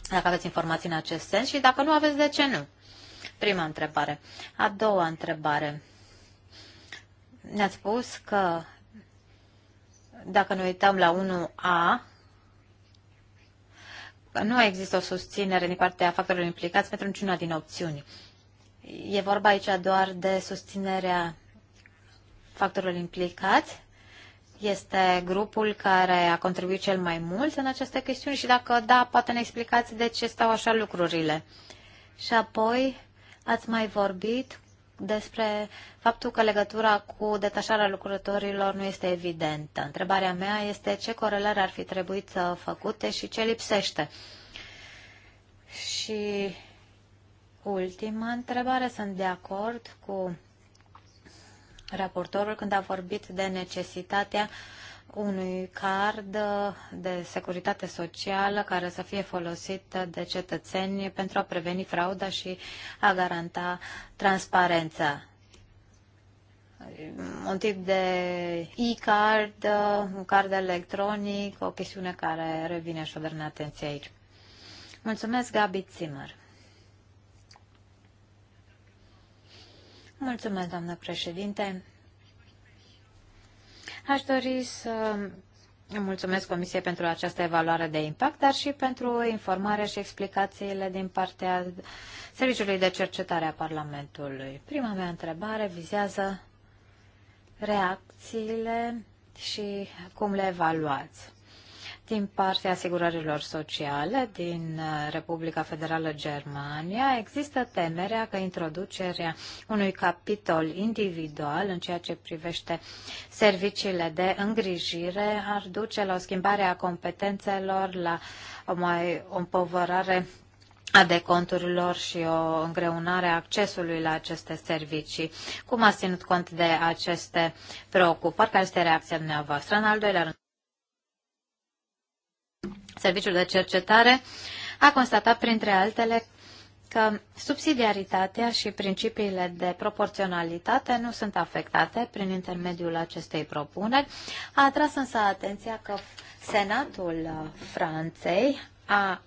Dacă aveți informații în acest sens și dacă nu aveți, de ce nu? Prima întrebare. A doua întrebare ne a spus că dacă ne uităm la 1A, nu există o susținere din partea factorilor implicați pentru niciuna din opțiuni. E vorba aici doar de susținerea factorilor implicați. Este grupul care a contribuit cel mai mult în aceste chestiuni și dacă da, poate ne explicați de ce stau așa lucrurile. Și apoi ați mai vorbit despre faptul că legătura cu detașarea lucrătorilor nu este evidentă. Întrebarea mea este ce corelări ar fi trebuit să făcute și ce lipsește. Și ultima întrebare, sunt de acord cu raportorul când a vorbit de necesitatea uh, unui card de securitate socială care să fie folosit de cetățeni pentru a preveni frauda și a garanta transparența. Un tip de e-card, un card electronic, o chestiune care revine o în atenție aici. Mulțumesc, Gabi Zimmer. Mulțumesc, doamnă președinte. Aș dori să mulțumesc Comisiei pentru această evaluare de impact, dar și pentru informarea și explicațiile din partea Serviciului de Cercetare a Parlamentului. Prima mea întrebare vizează reacțiile și cum le evaluați din partea asigurărilor sociale din uh, Republica Federală Germania, există temerea că introducerea unui capitol individual în ceea ce privește serviciile de îngrijire ar duce la o schimbare a competențelor, la o mai o împovărare a deconturilor și o îngreunare a accesului la aceste servicii. Cum ați ținut cont de aceste preocupări? Care este reacția dumneavoastră? În al doilea rând, Serviciul de Cercetare a constatat, printre altele, că subsidiaritatea și principiile de proporționalitate nu sunt afectate prin intermediul acestei propuneri. A atras însă atenția că Senatul uh, Franței a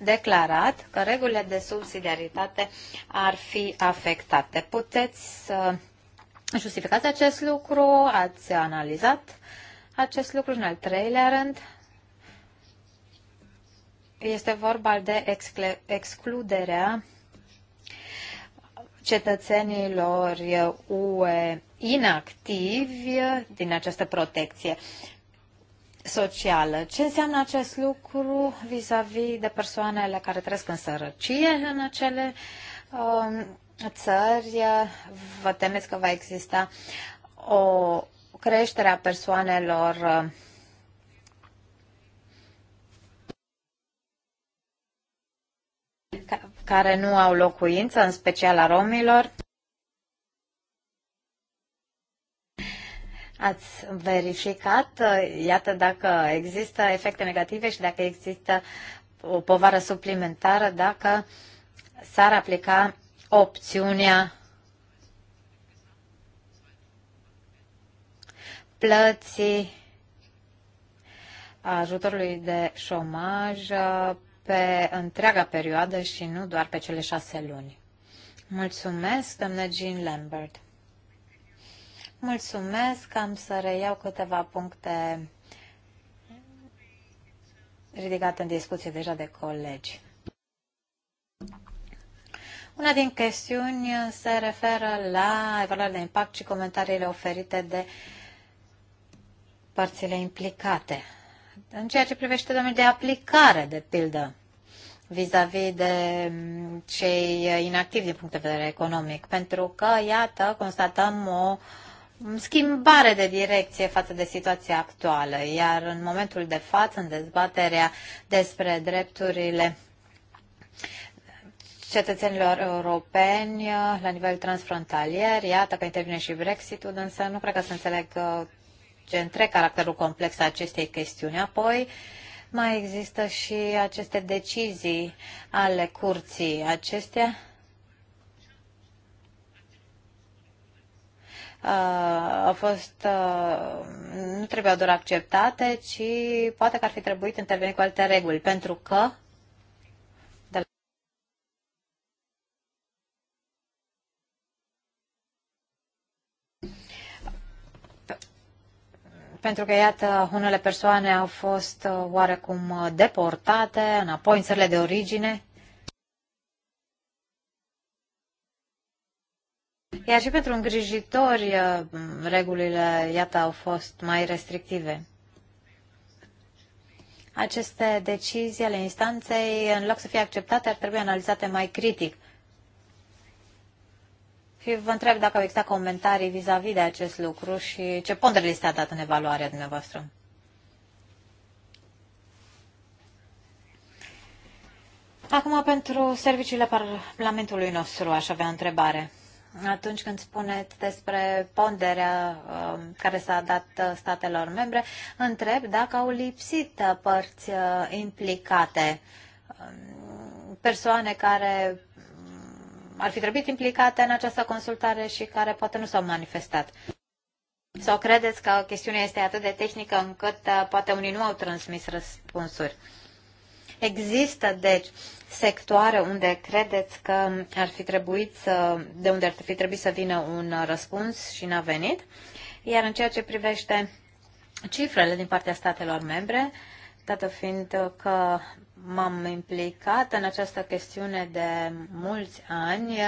declarat că regulile de subsidiaritate ar fi afectate. Puteți să justificați acest lucru? Ați analizat acest lucru în al treilea rând? este vorba de excluderea cetățenilor UE inactivi din această protecție socială. Ce înseamnă acest lucru vis-a-vis de persoanele care trăiesc în sărăcie în acele um, țări? Vă temeți că va exista o creștere a persoanelor care nu au locuință, în special a romilor. Ați verificat, iată, dacă există efecte negative și dacă există o povară suplimentară, dacă s-ar aplica opțiunea plății ajutorului de șomaj pe întreaga perioadă și nu doar pe cele șase luni. Mulțumesc, doamnă Jean Lambert. Mulțumesc, am să reiau câteva puncte ridicate în discuție deja de colegi. Una din chestiuni se referă la evaluarea de impact și comentariile oferite de părțile implicate în ceea ce privește domeniul de aplicare, de pildă, vis-a-vis -vis de mm, cei inactivi din punct de vedere economic, pentru că, iată, constatăm o mm, schimbare de direcție față de situația actuală, iar în momentul de față, în dezbaterea despre drepturile cetățenilor europeni uh, la nivel transfrontalier. Iată că intervine și Brexitul, însă nu cred că se înțeleg uh, întreg caracterul complex al acestei chestiuni. Apoi, mai există și aceste decizii ale curții. Acestea uh, au fost, uh, nu trebuiau doar acceptate, ci poate că ar fi trebuit intervenit cu alte reguli, pentru că pentru că, iată, unele persoane au fost uh, oarecum uh, deportate înapoi în țările de origine. Iar și pentru îngrijitori, uh, regulile, iată, au fost mai restrictive. Aceste decizii ale instanței, în loc să fie acceptate, ar trebui analizate mai critic. Și vă întreb dacă au existat comentarii vis-a-vis -vis de acest lucru și ce pondere li s-a dat în evaluarea dumneavoastră. Acum, pentru serviciile Parlamentului nostru, aș avea o întrebare. Atunci când spuneți despre ponderea um, care s-a dat uh, statelor membre, întreb dacă au lipsit uh, părți uh, implicate, um, persoane care ar fi trebuit implicate în această consultare și care poate nu s-au manifestat? Sau credeți că chestiunea este atât de tehnică încât uh, poate unii nu au transmis răspunsuri? Există, deci, sectoare unde credeți că ar fi trebuit să, de unde ar fi trebuit să vină un răspuns și n-a venit? Iar în ceea ce privește cifrele din partea statelor membre, dată fiind că m-am implicat în această chestiune de mulți ani.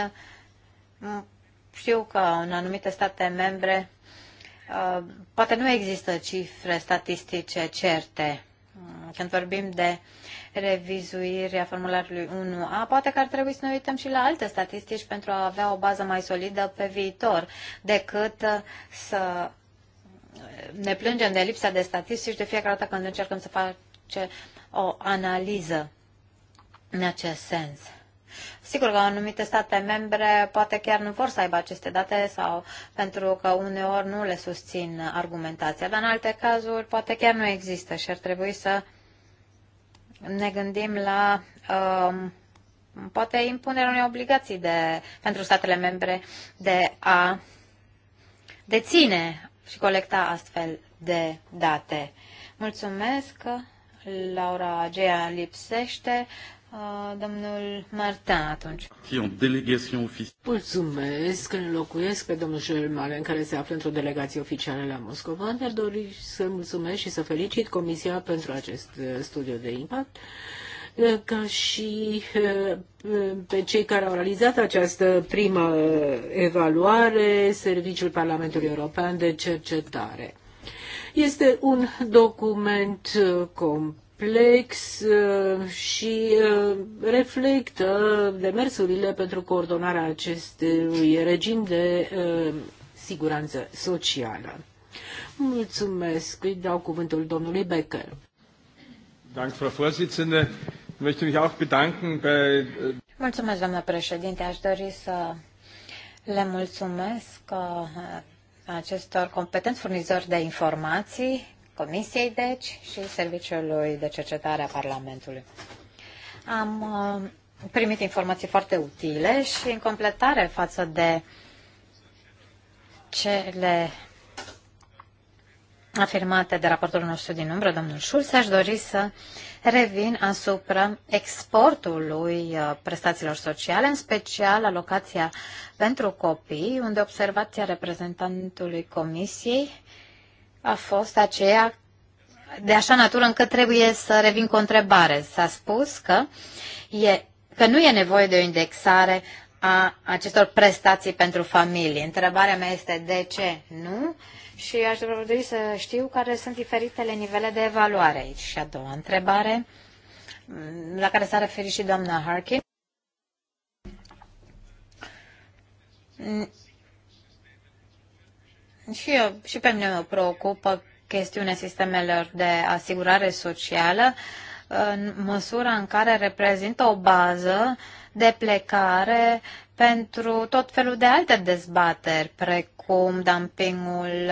Știu că în anumite state membre uh, poate nu există cifre statistice certe. Când vorbim de revizuirea formularului 1A, poate că ar trebui să ne uităm și la alte statistici pentru a avea o bază mai solidă pe viitor, decât uh, să ne plângem de lipsa de statistici de fiecare dată când încercăm să facem o analiză în acest sens. Sigur că anumite state membre poate chiar nu vor să aibă aceste date sau pentru că uneori nu le susțin argumentația, dar în alte cazuri poate chiar nu există și ar trebui să ne gândim la um, poate impunerea unei obligații de, pentru statele membre de a deține și colecta astfel de date. Mulțumesc! Laura Agea lipsește. Uh, domnul Martin, atunci. Mulțumesc că înlocuiesc pe domnul Joel în care se află într-o delegație oficială la Moscova. Dar dori să mulțumesc și să felicit Comisia pentru acest uh, studiu de impact uh, ca și pe cei care au realizat această primă evaluare, Serviciul Parlamentului European de Cercetare. Este un document uh, complex uh, și uh, reflectă demersurile pentru coordonarea acestui regim de siguranță socială. Mulțumesc. Îi dau cuvântul domnului Becker. Dank, Möchte mich auch bedanken bei... Äh, mulțumesc, doamnă președinte. Aș dori să le mulțumesc acestor competenți furnizori de informații, Comisiei, deci, și Serviciului de Cercetare a Parlamentului. Am uh, primit informații foarte utile și în completare față de cele afirmate de raportul nostru din umbră, domnul Schulz, aș dori să Revin asupra exportului uh, prestațiilor sociale, în special alocația pentru copii, unde observația reprezentantului Comisiei a fost aceea de așa natură încât trebuie să revin cu o întrebare. S-a spus că, e, că nu e nevoie de o indexare a acestor prestații pentru familie. Întrebarea mea este de ce nu? Și aș dori să știu care sunt diferitele nivele de evaluare aici. Și a doua întrebare, la care s-a referit și doamna Harkin. Și, eu, și pe mine mă preocupă chestiunea sistemelor de asigurare socială în măsura în care reprezintă o bază uh, de plecare pentru tot felul de alte dezbateri, precum dumpingul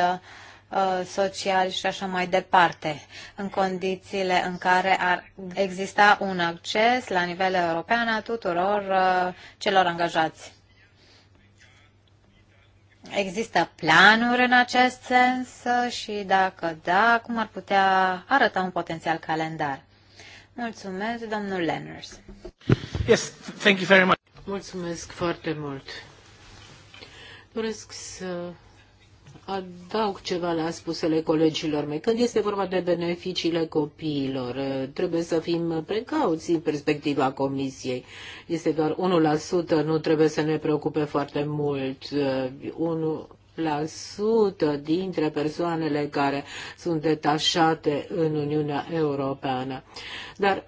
uh, social și așa mai departe, în condițiile în care ar exista un acces la nivel european a tuturor uh, celor angajați. Există planuri în acest sens uh, și dacă da, cum ar putea arăta un potențial calendar? Mulțumesc, domnul Lenners. Yes, thank you very much. Mulțumesc foarte mult. Doresc să adaug ceva la spusele colegilor mei. Când este vorba de beneficiile copiilor, trebuie să fim precauți în perspectiva comisiei. Este doar 1%, nu trebuie să ne preocupe foarte mult. 1 dintre persoanele care sunt detașate în Uniunea Europeană. Dar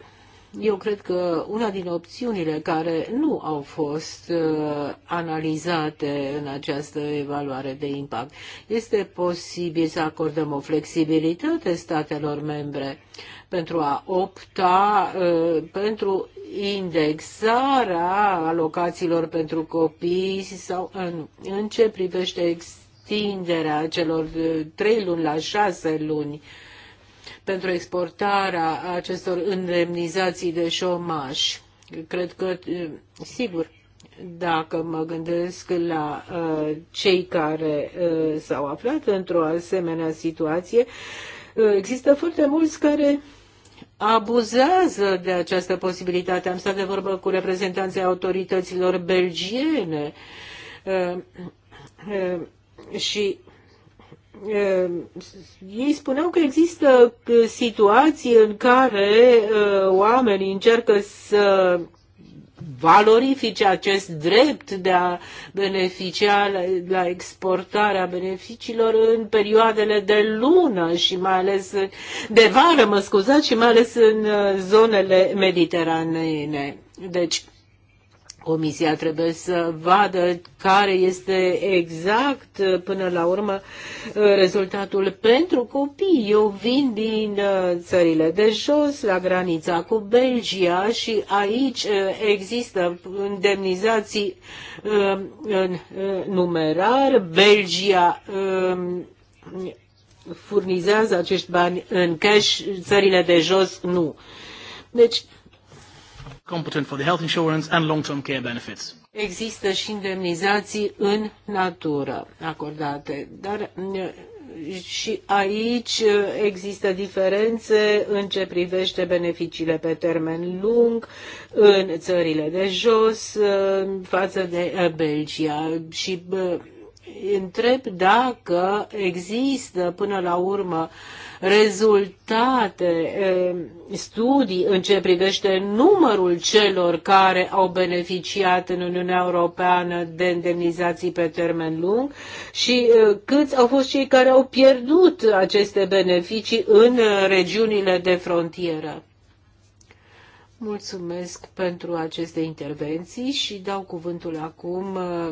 eu cred că una din opțiunile care nu au fost uh, analizate în această evaluare de impact este posibil să acordăm o flexibilitate statelor membre uh, pentru a opta uh, pentru indexarea alocațiilor pentru copii sau în, În ce privește extinderea celor uh, trei luni la șase luni pentru exportarea acestor indemnizații de șomaș. Cred că, uh, sigur, dacă mă gândesc la uh, cei care uh, s-au aflat într-o asemenea situație, uh, există foarte mulți care abuzează de această posibilitate. Am stat de vorbă cu reprezentanții autorităților belgiene uh, uh, și uh, ei spuneau că există situații în care oamenii încearcă să valorifice acest drept de a beneficia la, la exportarea beneficiilor în perioadele de lună și mai ales de vară, mă scuzați, și mai ales în uh, zonele mediteraneene. Deci, Comisia trebuie să vadă care este exact, uh, până la urmă, uh, rezultatul pentru copii. Eu vin din uh, țările de jos, la granița cu Belgia și aici există indemnizații în numerar. Belgia um, furnizează acești bani în cash, țările de jos nu. Deci competent for the health insurance and long-term care benefits. Există și indemnizații în natură acordate, dar uh, și aici uh, există diferențe în ce privește beneficiile pe termen lung în țările de jos uh, față de Belgia și întreb dacă există până la urmă uh, rezultate, studii în ce privește numărul celor care au beneficiat în Uniunea Europeană de indemnizații pe termen lung și câți au fost cei care au pierdut aceste beneficii în regiunile de frontieră. Mulțumesc pentru aceste intervenții și dau cuvântul acum uh,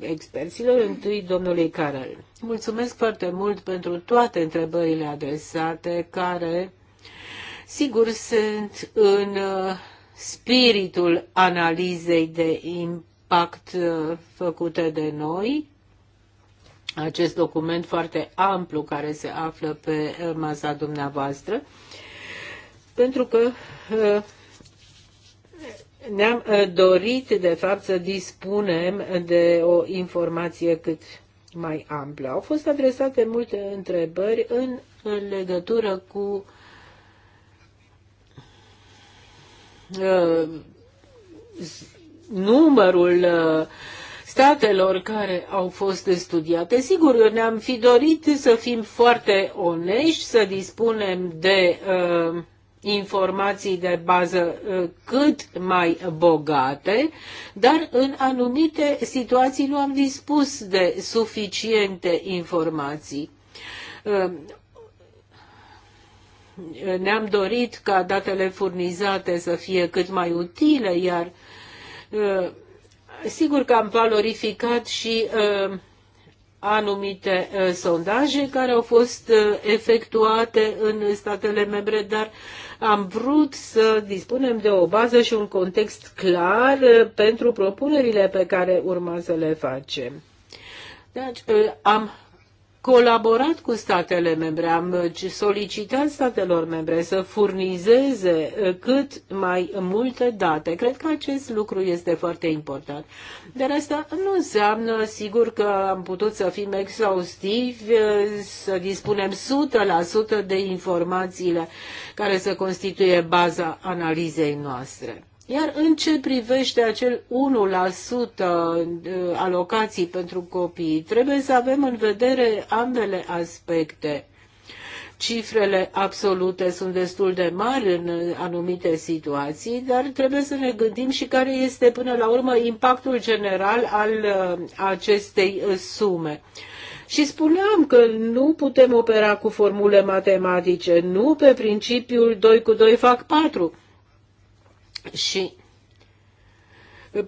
experților, întâi domnului Carel. Mulțumesc foarte mult pentru toate întrebările adresate, care, sigur, sunt în uh, spiritul analizei de impact uh, făcute de noi, acest document foarte amplu care se află pe masa dumneavoastră, pentru că ne-am uh, dorit, de fapt, să dispunem de o informație cât mai amplă. Au fost adresate multe întrebări în, în legătură cu uh, numărul uh, statelor care au fost studiate. Sigur, ne-am fi dorit să fim foarte onești, să dispunem de uh, informații de bază uh, cât mai bogate, dar în anumite situații nu am dispus de suficiente informații. Uh, ne-am dorit ca datele furnizate să fie cât mai utile, iar uh, sigur că am valorificat și anumite sondaje care au fost efectuate în statele membre, dar am vrut să dispunem de o bază și un context clar uh, pentru propunerile pe care urma să le facem. Deci uh, am colaborat cu statele membre, am solicitat statelor membre să furnizeze eh, cât mai multe date. Cred că acest lucru este foarte important. Dar asta nu înseamnă, sigur, că am putut să fim exhaustivi, eh, să dispunem 100% de informațiile care să constituie baza analizei noastre. Iar în ce privește acel 1% uh, alocații pentru copii, trebuie să avem în vedere ambele aspecte. Cifrele absolute sunt destul de mari în uh, anumite situații, dar trebuie să ne gândim și care este până la urmă impactul general al uh, acestei sume. Și spuneam că nu putem opera cu formule matematice, nu pe principiul 2 cu 2 fac 4, și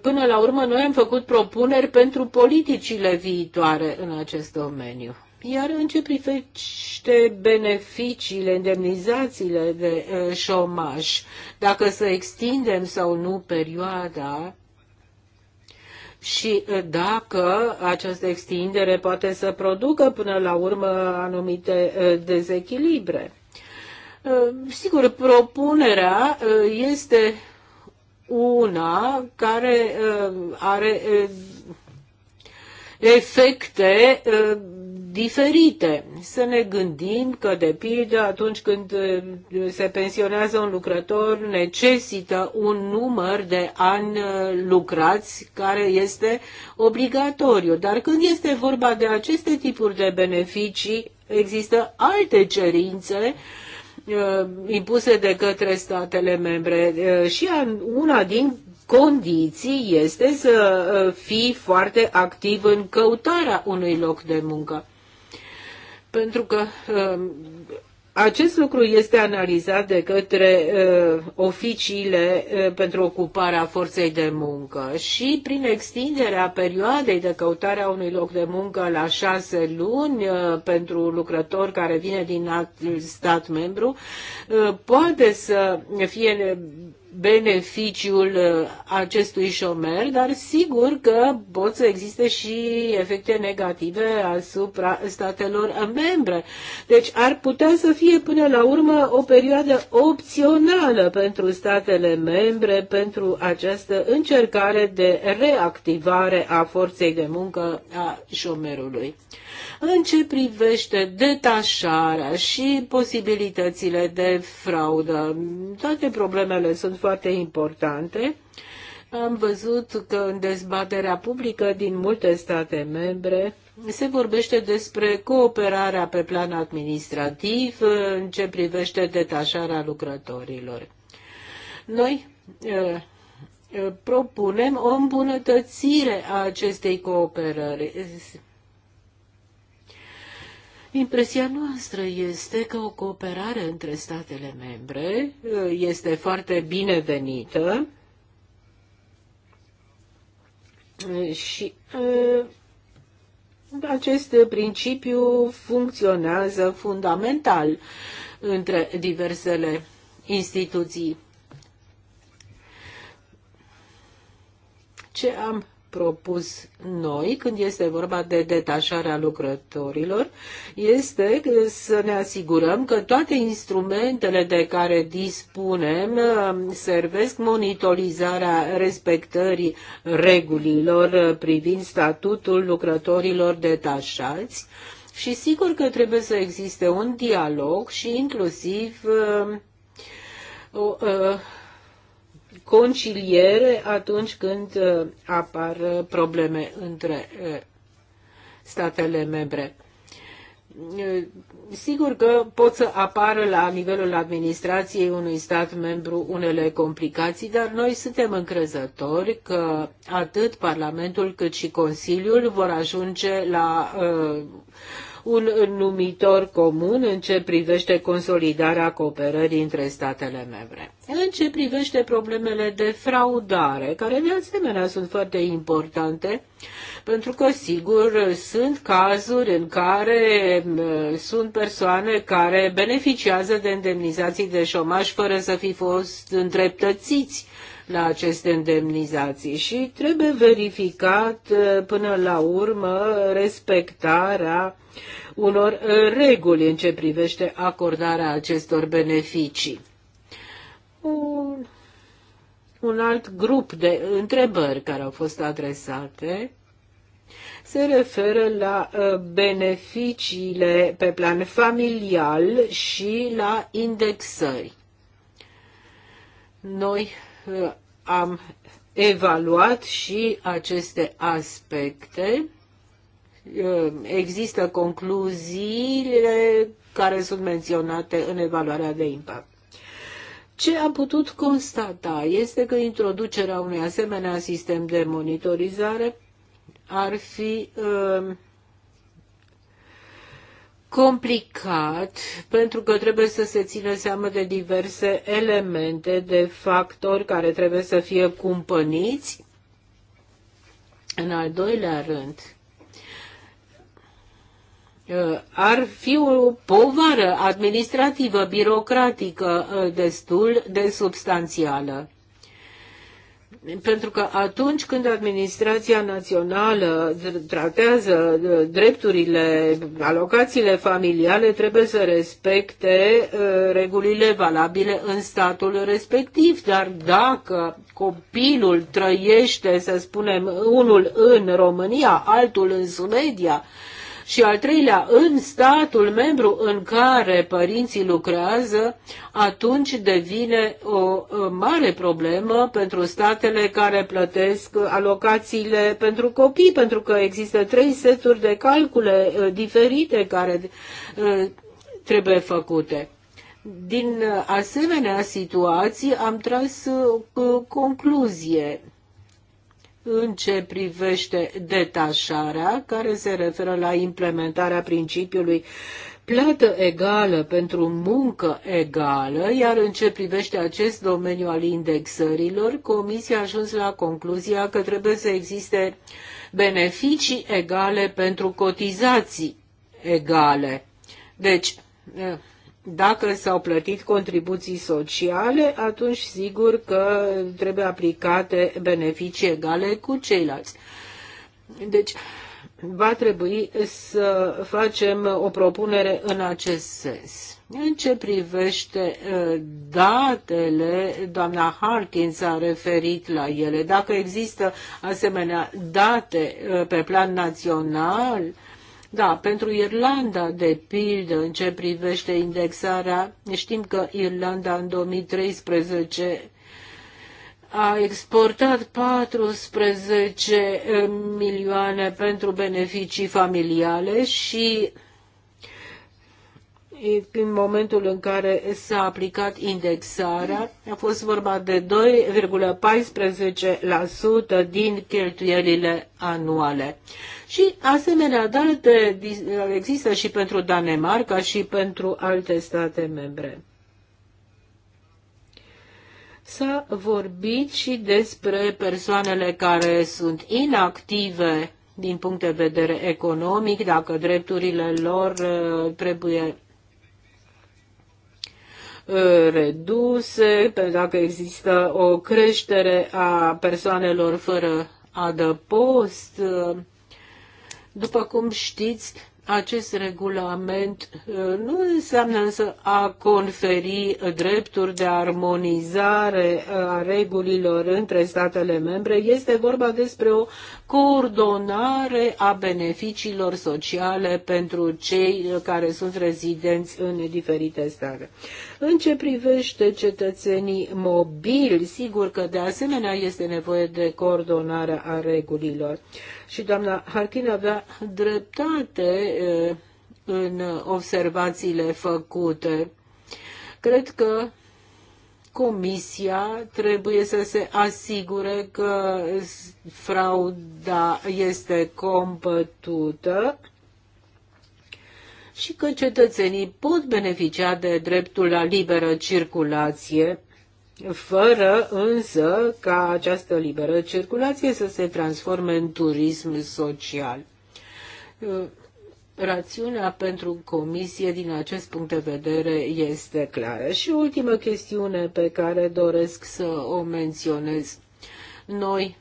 până la urmă noi am făcut propuneri pentru politicile viitoare în acest domeniu. Iar în ce privește beneficiile, indemnizațiile de uh, șomaj, dacă să extindem sau nu perioada și dacă această extindere poate să producă până la urmă anumite dezechilibre. Sigur, propunerea este una care uh, are uh, efecte uh, diferite. Să ne gândim că, de pildă, atunci când se pensionează un lucrător, necesită un număr de ani lucrați care este obligatoriu. Dar când este vorba de aceste tipuri de beneficii, există alte cerințe uh, Uh, impuse de către statele membre uh, și una din condiții este să uh, fii foarte activ în căutarea unui loc de muncă. Pentru că acest lucru este analizat de către uh, oficiile uh, pentru ocuparea forței de muncă și prin extinderea perioadei de căutare a unui loc de muncă la șase luni uh, pentru lucrător care vine din alt stat membru, uh, poate să fie beneficiul uh, acestui șomer, dar sigur că pot să existe și efecte negative asupra statelor membre. Deci ar putea să fie până la urmă o perioadă opțională pentru statele membre pentru această încercare de reactivare a forței de muncă a șomerului. În ce privește detașarea și posibilitățile de fraudă, toate problemele sunt foarte importante. Am văzut că în dezbaterea publică din multe state membre se vorbește despre cooperarea pe plan administrativ în ce privește detașarea lucrătorilor. Noi eh, eh, propunem o îmbunătățire a acestei cooperări. Impresia noastră este că o cooperare între statele membre uh, este foarte binevenită uh, și uh, acest principiu funcționează fundamental între diversele instituții. Ce am propus noi când este vorba de detașarea lucrătorilor este să ne asigurăm că toate instrumentele de care dispunem um, servesc monitorizarea respectării regulilor uh, privind statutul lucrătorilor detașați și sigur că trebuie să existe un dialog și inclusiv um, uh, uh, conciliere atunci când uh, apar uh, probleme între uh, statele membre. Sigur că pot să apară la nivelul administrației unui stat membru unele complicații, dar noi suntem încrezători că atât Parlamentul cât și Consiliul vor ajunge la uh, un numitor comun în ce privește consolidarea cooperării între statele membre. În ce privește problemele de fraudare, care de asemenea sunt foarte importante, pentru că, sigur, sunt cazuri în care uh, sunt persoane care beneficiază de indemnizații de șomaj fără să fi fost îndreptățiți la aceste indemnizații și trebuie verificat uh, până la urmă respectarea unor uh, reguli în ce privește acordarea acestor beneficii. Un, un alt grup de întrebări care au fost adresate se referă la uh, beneficiile pe plan familial și la indexări. Noi am evaluat și aceste aspecte. Există concluziile care sunt menționate în evaluarea de impact. Ce am putut constata este că introducerea unui asemenea sistem de monitorizare ar fi uh, complicat pentru că trebuie să se țină seama de diverse elemente, de factori care trebuie să fie cumpăniți. În al doilea rând, uh, ar fi o povară administrativă, birocratică uh, destul de substanțială pentru că atunci când administrația națională tratează uh, drepturile, alocațiile familiale, trebuie să respecte uh, regulile valabile în statul respectiv. Dar dacă copilul trăiește, să spunem, unul în România, altul în Suedia, și al treilea, în statul membru în care părinții lucrează, atunci devine o mare problemă pentru statele care plătesc alocațiile pentru copii, pentru că există trei seturi de calcule uh, diferite care uh, trebuie făcute. Din asemenea situații am tras o uh, concluzie în ce privește detașarea, care se referă la implementarea principiului plată egală pentru muncă egală, iar în ce privește acest domeniu al indexărilor, Comisia a ajuns la concluzia că trebuie să existe beneficii egale pentru cotizații egale. Deci, dacă s-au plătit contribuții sociale, atunci sigur că trebuie aplicate beneficii egale cu ceilalți. Deci, va trebui să facem o propunere în acest sens. În ce privește uh, datele, doamna Harkin s-a referit la ele. Dacă există asemenea date uh, pe plan național, da, pentru Irlanda, de pildă, în ce privește indexarea, știm că Irlanda în 2013 a exportat 14 eh, milioane pentru beneficii familiale și în momentul în care s-a aplicat indexarea, a fost vorba de 2,14% din cheltuielile anuale. Și asemenea date există și pentru Danemarca și pentru alte state membre. S-a vorbit și despre persoanele care sunt inactive din punct de vedere economic, dacă drepturile lor uh, trebuie Uh, reduse, dacă există o creștere a persoanelor fără adăpost. Uh, după cum știți, acest regulament uh, nu înseamnă însă a conferi drepturi de armonizare a regulilor între statele membre, este vorba despre o coordonare a beneficiilor sociale pentru cei care sunt rezidenți în diferite state. În ce privește cetățenii mobili, sigur că de asemenea este nevoie de coordonarea a regulilor. Și doamna Harkin avea dreptate în observațiile făcute. Cred că Comisia trebuie să se asigure că frauda este combătută și că cetățenii pot beneficia de dreptul la liberă circulație fără însă ca această liberă circulație să se transforme în turism social. Uh, rațiunea pentru comisie din acest punct de vedere este clară. Și ultima chestiune pe care doresc să o menționez. Noi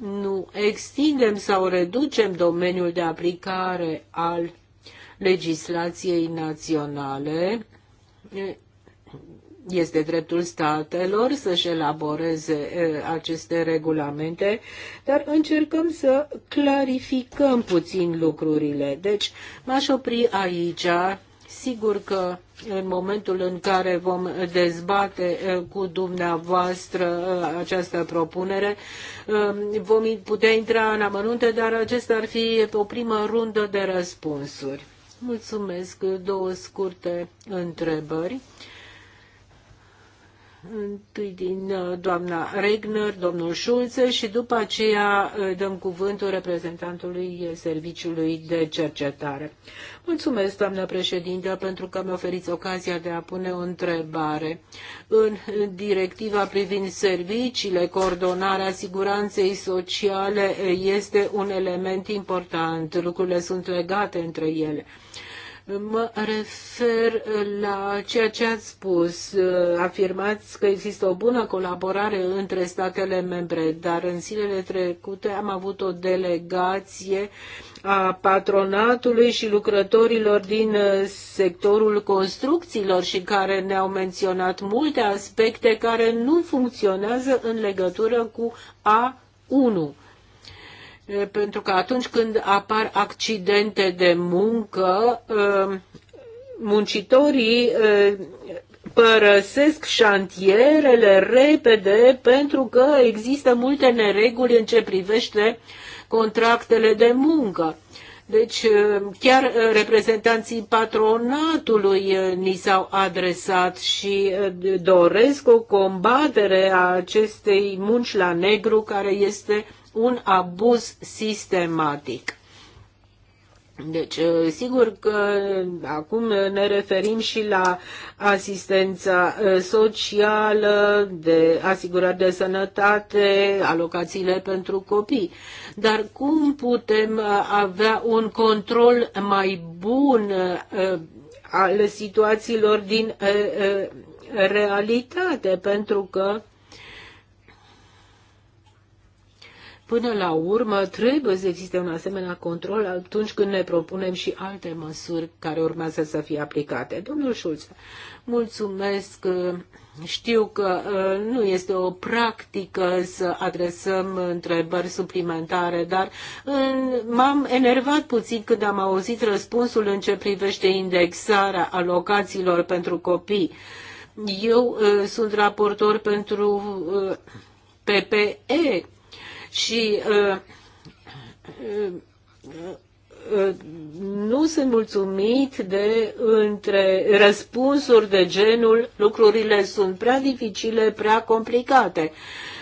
nu extindem sau reducem domeniul de aplicare al legislației naționale este dreptul statelor să-și elaboreze aceste regulamente, dar încercăm să clarificăm puțin lucrurile. Deci m-aș opri aici. Sigur că în momentul în care vom dezbate cu dumneavoastră această propunere, vom putea intra în amănunte, dar acesta ar fi o primă rundă de răspunsuri. Mulțumesc. Două scurte întrebări întâi din uh, doamna Regner, domnul Schulze și după aceea uh, dăm cuvântul reprezentantului Serviciului de Cercetare. Mulțumesc, doamnă președintă, pentru că mi oferiți ocazia de a pune o întrebare. În directiva privind serviciile, coordonarea siguranței sociale este un element important. Lucrurile sunt legate între ele. Mă refer uh, la ceea ce ați spus. Uh, afirmați că există o bună colaborare între statele membre, dar în zilele trecute am avut o delegație a patronatului și lucrătorilor din uh, sectorul construcțiilor și care ne-au menționat multe aspecte care nu funcționează în legătură cu A1 pentru că atunci când apar accidente de muncă, muncitorii părăsesc șantierele repede pentru că există multe nereguli în ce privește contractele de muncă. Deci chiar reprezentanții patronatului ni s-au adresat și doresc o combatere a acestei munci la negru care este un abuz sistematic. Deci, uh, sigur că acum ne referim și la asistența uh, socială, de asigurare de sănătate, alocațiile pentru copii. Dar cum putem uh, avea un control mai bun al situațiilor din realitate? Pentru că Până la urmă, trebuie să existe un asemenea control atunci când ne propunem și alte măsuri care urmează să fie aplicate. Domnul Schulz, mulțumesc. Știu că uh, nu este o practică să adresăm întrebări suplimentare, dar uh, m-am enervat puțin când am auzit răspunsul în ce privește indexarea alocațiilor pentru copii. Eu uh, sunt raportor pentru PPE și uh, uh, uh, nu sunt mulțumit de între răspunsuri de genul lucrurile sunt prea dificile, prea complicate.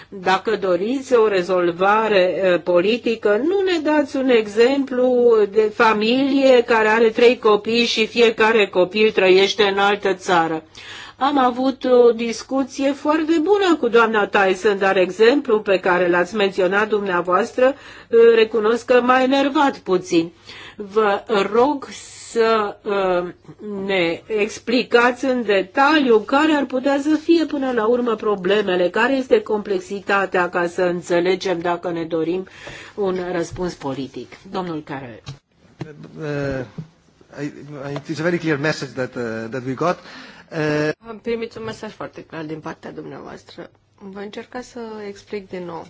Dacă doriți o rezolvare politică, nu ne dați un exemplu de familie care are trei copii și fiecare copil trăiește în altă țară. Am avut o discuție foarte bună cu doamna Tyson, dar exemplu pe care l-ați menționat dumneavoastră recunosc că m-a enervat puțin. Vă rog să uh, ne explicați în detaliu care ar putea să fie până la urmă problemele, care este complexitatea ca să înțelegem dacă ne dorim un răspuns politic. Domnul Carel. Uh, it's a very clear message that, uh, that we got. Uh, Am primit un mesaj foarte clar din partea dumneavoastră. Vă încerca să explic din nou.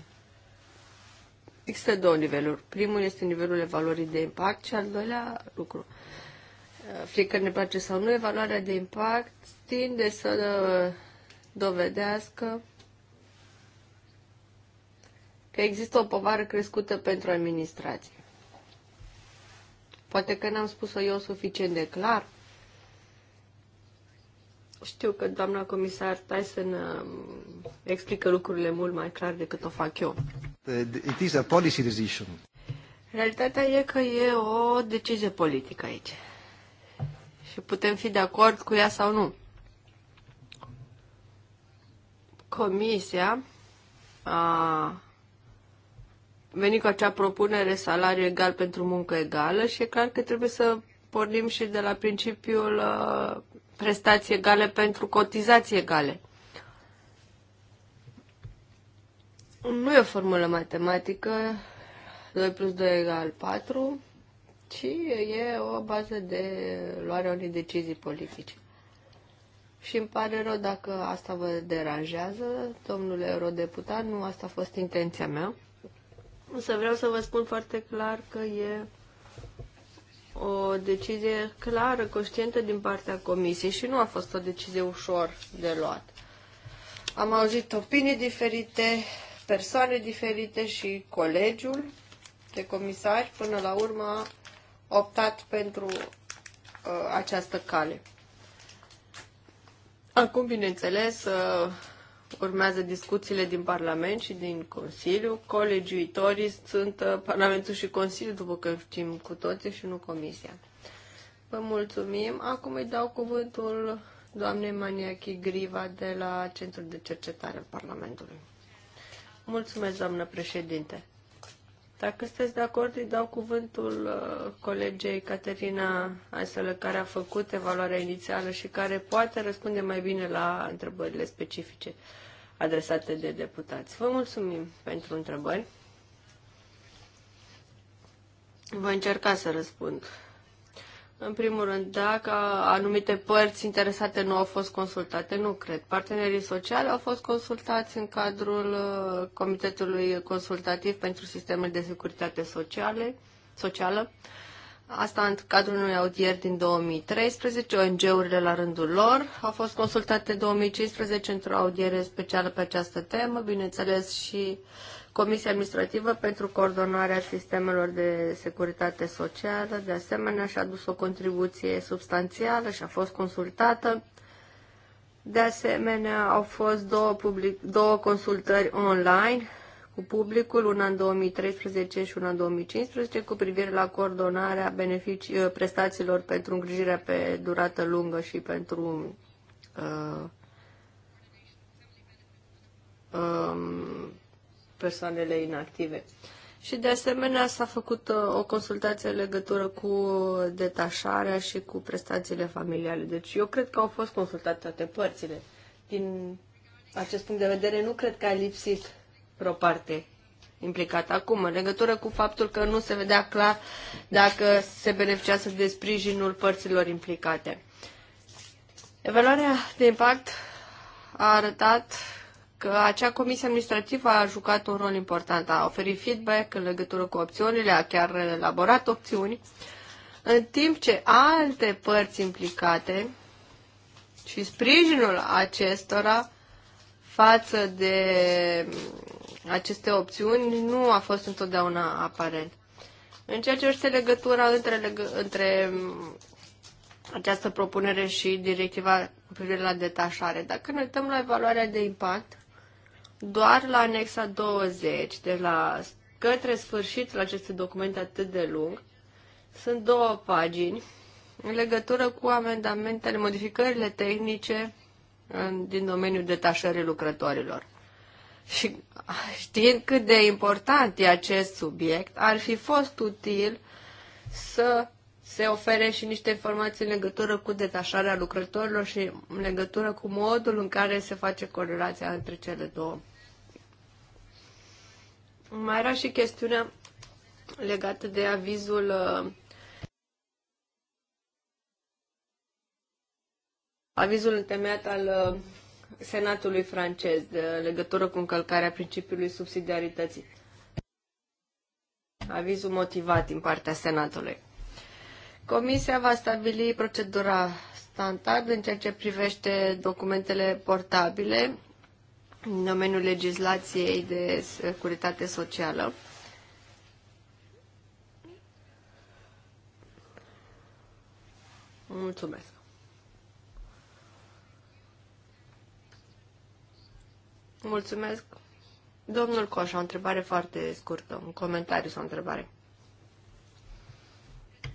Există două niveluri. Primul este nivelul evaluării de impact și al doilea lucru. Uh, Fie că ne place sau nu, evaluarea de impact tinde să uh, dovedească că există o povară crescută pentru administrație. Poate că n-am spus-o eu suficient de clar, știu că doamna comisar Tyson uh, explică lucrurile mult mai clar decât o fac eu. It is a policy decision. Realitatea e că e o decizie politică aici. Și putem fi de acord cu ea sau nu. Comisia a venit cu acea propunere salariu egal pentru muncă egală și e clar că trebuie să pornim și de la principiul uh, prestații egale pentru cotizații egale. Nu e o formulă matematică, 2 plus 2 egal 4, ci e o bază de luare unei decizii politice. Și îmi pare rău dacă asta vă deranjează, domnule eurodeputat, nu asta a fost intenția mea. Însă vreau să vă spun foarte clar că e o decizie clară, conștientă din partea comisiei și nu a fost o decizie ușor de luat. Am auzit opinii diferite, persoane diferite și colegiul de comisari până la urmă a optat pentru uh, această cale. Acum, bineînțeles, uh, Urmează discuțiile din Parlament și din Consiliu. Colegiuitorii sunt uh, Parlamentul și Consiliul, după că știm cu toții, și nu Comisia. Vă mulțumim. Acum îi dau cuvântul doamnei Maniachi Griva de la Centrul de Cercetare al Parlamentului. Mulțumesc, doamnă președinte. Dacă sunteți de acord, îi dau cuvântul uh, colegei Caterina Aiselă, care a făcut evaluarea inițială și care poate răspunde mai bine la întrebările specifice adresate de deputați. Vă mulțumim pentru întrebări. Voi încerca să răspund. În primul rând, dacă anumite părți interesate nu au fost consultate, nu cred. Partenerii sociali au fost consultați în cadrul uh, Comitetului Consultativ pentru Sistemul de Securitate Sociale, Socială. Asta în cadrul unui audier din 2013, ONG-urile la rândul lor au fost consultate 2015 într-o audiere specială pe această temă, bineînțeles și Comisia Administrativă pentru Coordonarea Sistemelor de Securitate Socială, de asemenea și-a dus o contribuție substanțială și a fost consultată. De asemenea, au fost două, public, două consultări online cu publicul, una în 2013 și una în 2015, cu privire la coordonarea beneficii, uh, prestațiilor pentru îngrijirea pe durată lungă și pentru uh, uh, persoanele inactive. Și de asemenea s-a făcut uh, o consultație în legătură cu detașarea și cu prestațiile familiale. Deci eu cred că au fost consultate toate părțile. Din acest punct de vedere nu cred că a lipsit vreo parte implicată acum, în legătură cu faptul că nu se vedea clar dacă se beneficiază de sprijinul părților implicate. Evaluarea de impact a arătat că acea comisie administrativă a jucat un rol important, a oferit feedback în legătură cu opțiunile, a chiar elaborat opțiuni, în timp ce alte părți implicate și sprijinul acestora față de aceste opțiuni nu a fost întotdeauna aparent. În ceea ce este legătura între, legă, între mm, această propunere și directiva cu privire la detașare, dacă ne uităm la evaluarea de impact, doar la anexa 20, de la către sfârșitul acestui document atât de lung, sunt două pagini în legătură cu amendamentele, modificările tehnice în, din domeniul detașării lucrătorilor. Și ah, știind cât de important e acest subiect, ar fi fost util să se ofere și niște informații în legătură cu detașarea lucrătorilor și în legătură cu modul în care se face corelația între cele două. Mai era și chestiunea legată de avizul uh, avizul întemeiat al uh, Senatului francez de legătură cu încălcarea principiului subsidiarității. Avizul motivat din partea Senatului. Comisia va stabili procedura standard în ceea ce privește documentele portabile în domeniul legislației de securitate socială. Mulțumesc. Mulțumesc. Domnul Coș, o întrebare foarte scurtă, un comentariu sau o întrebare.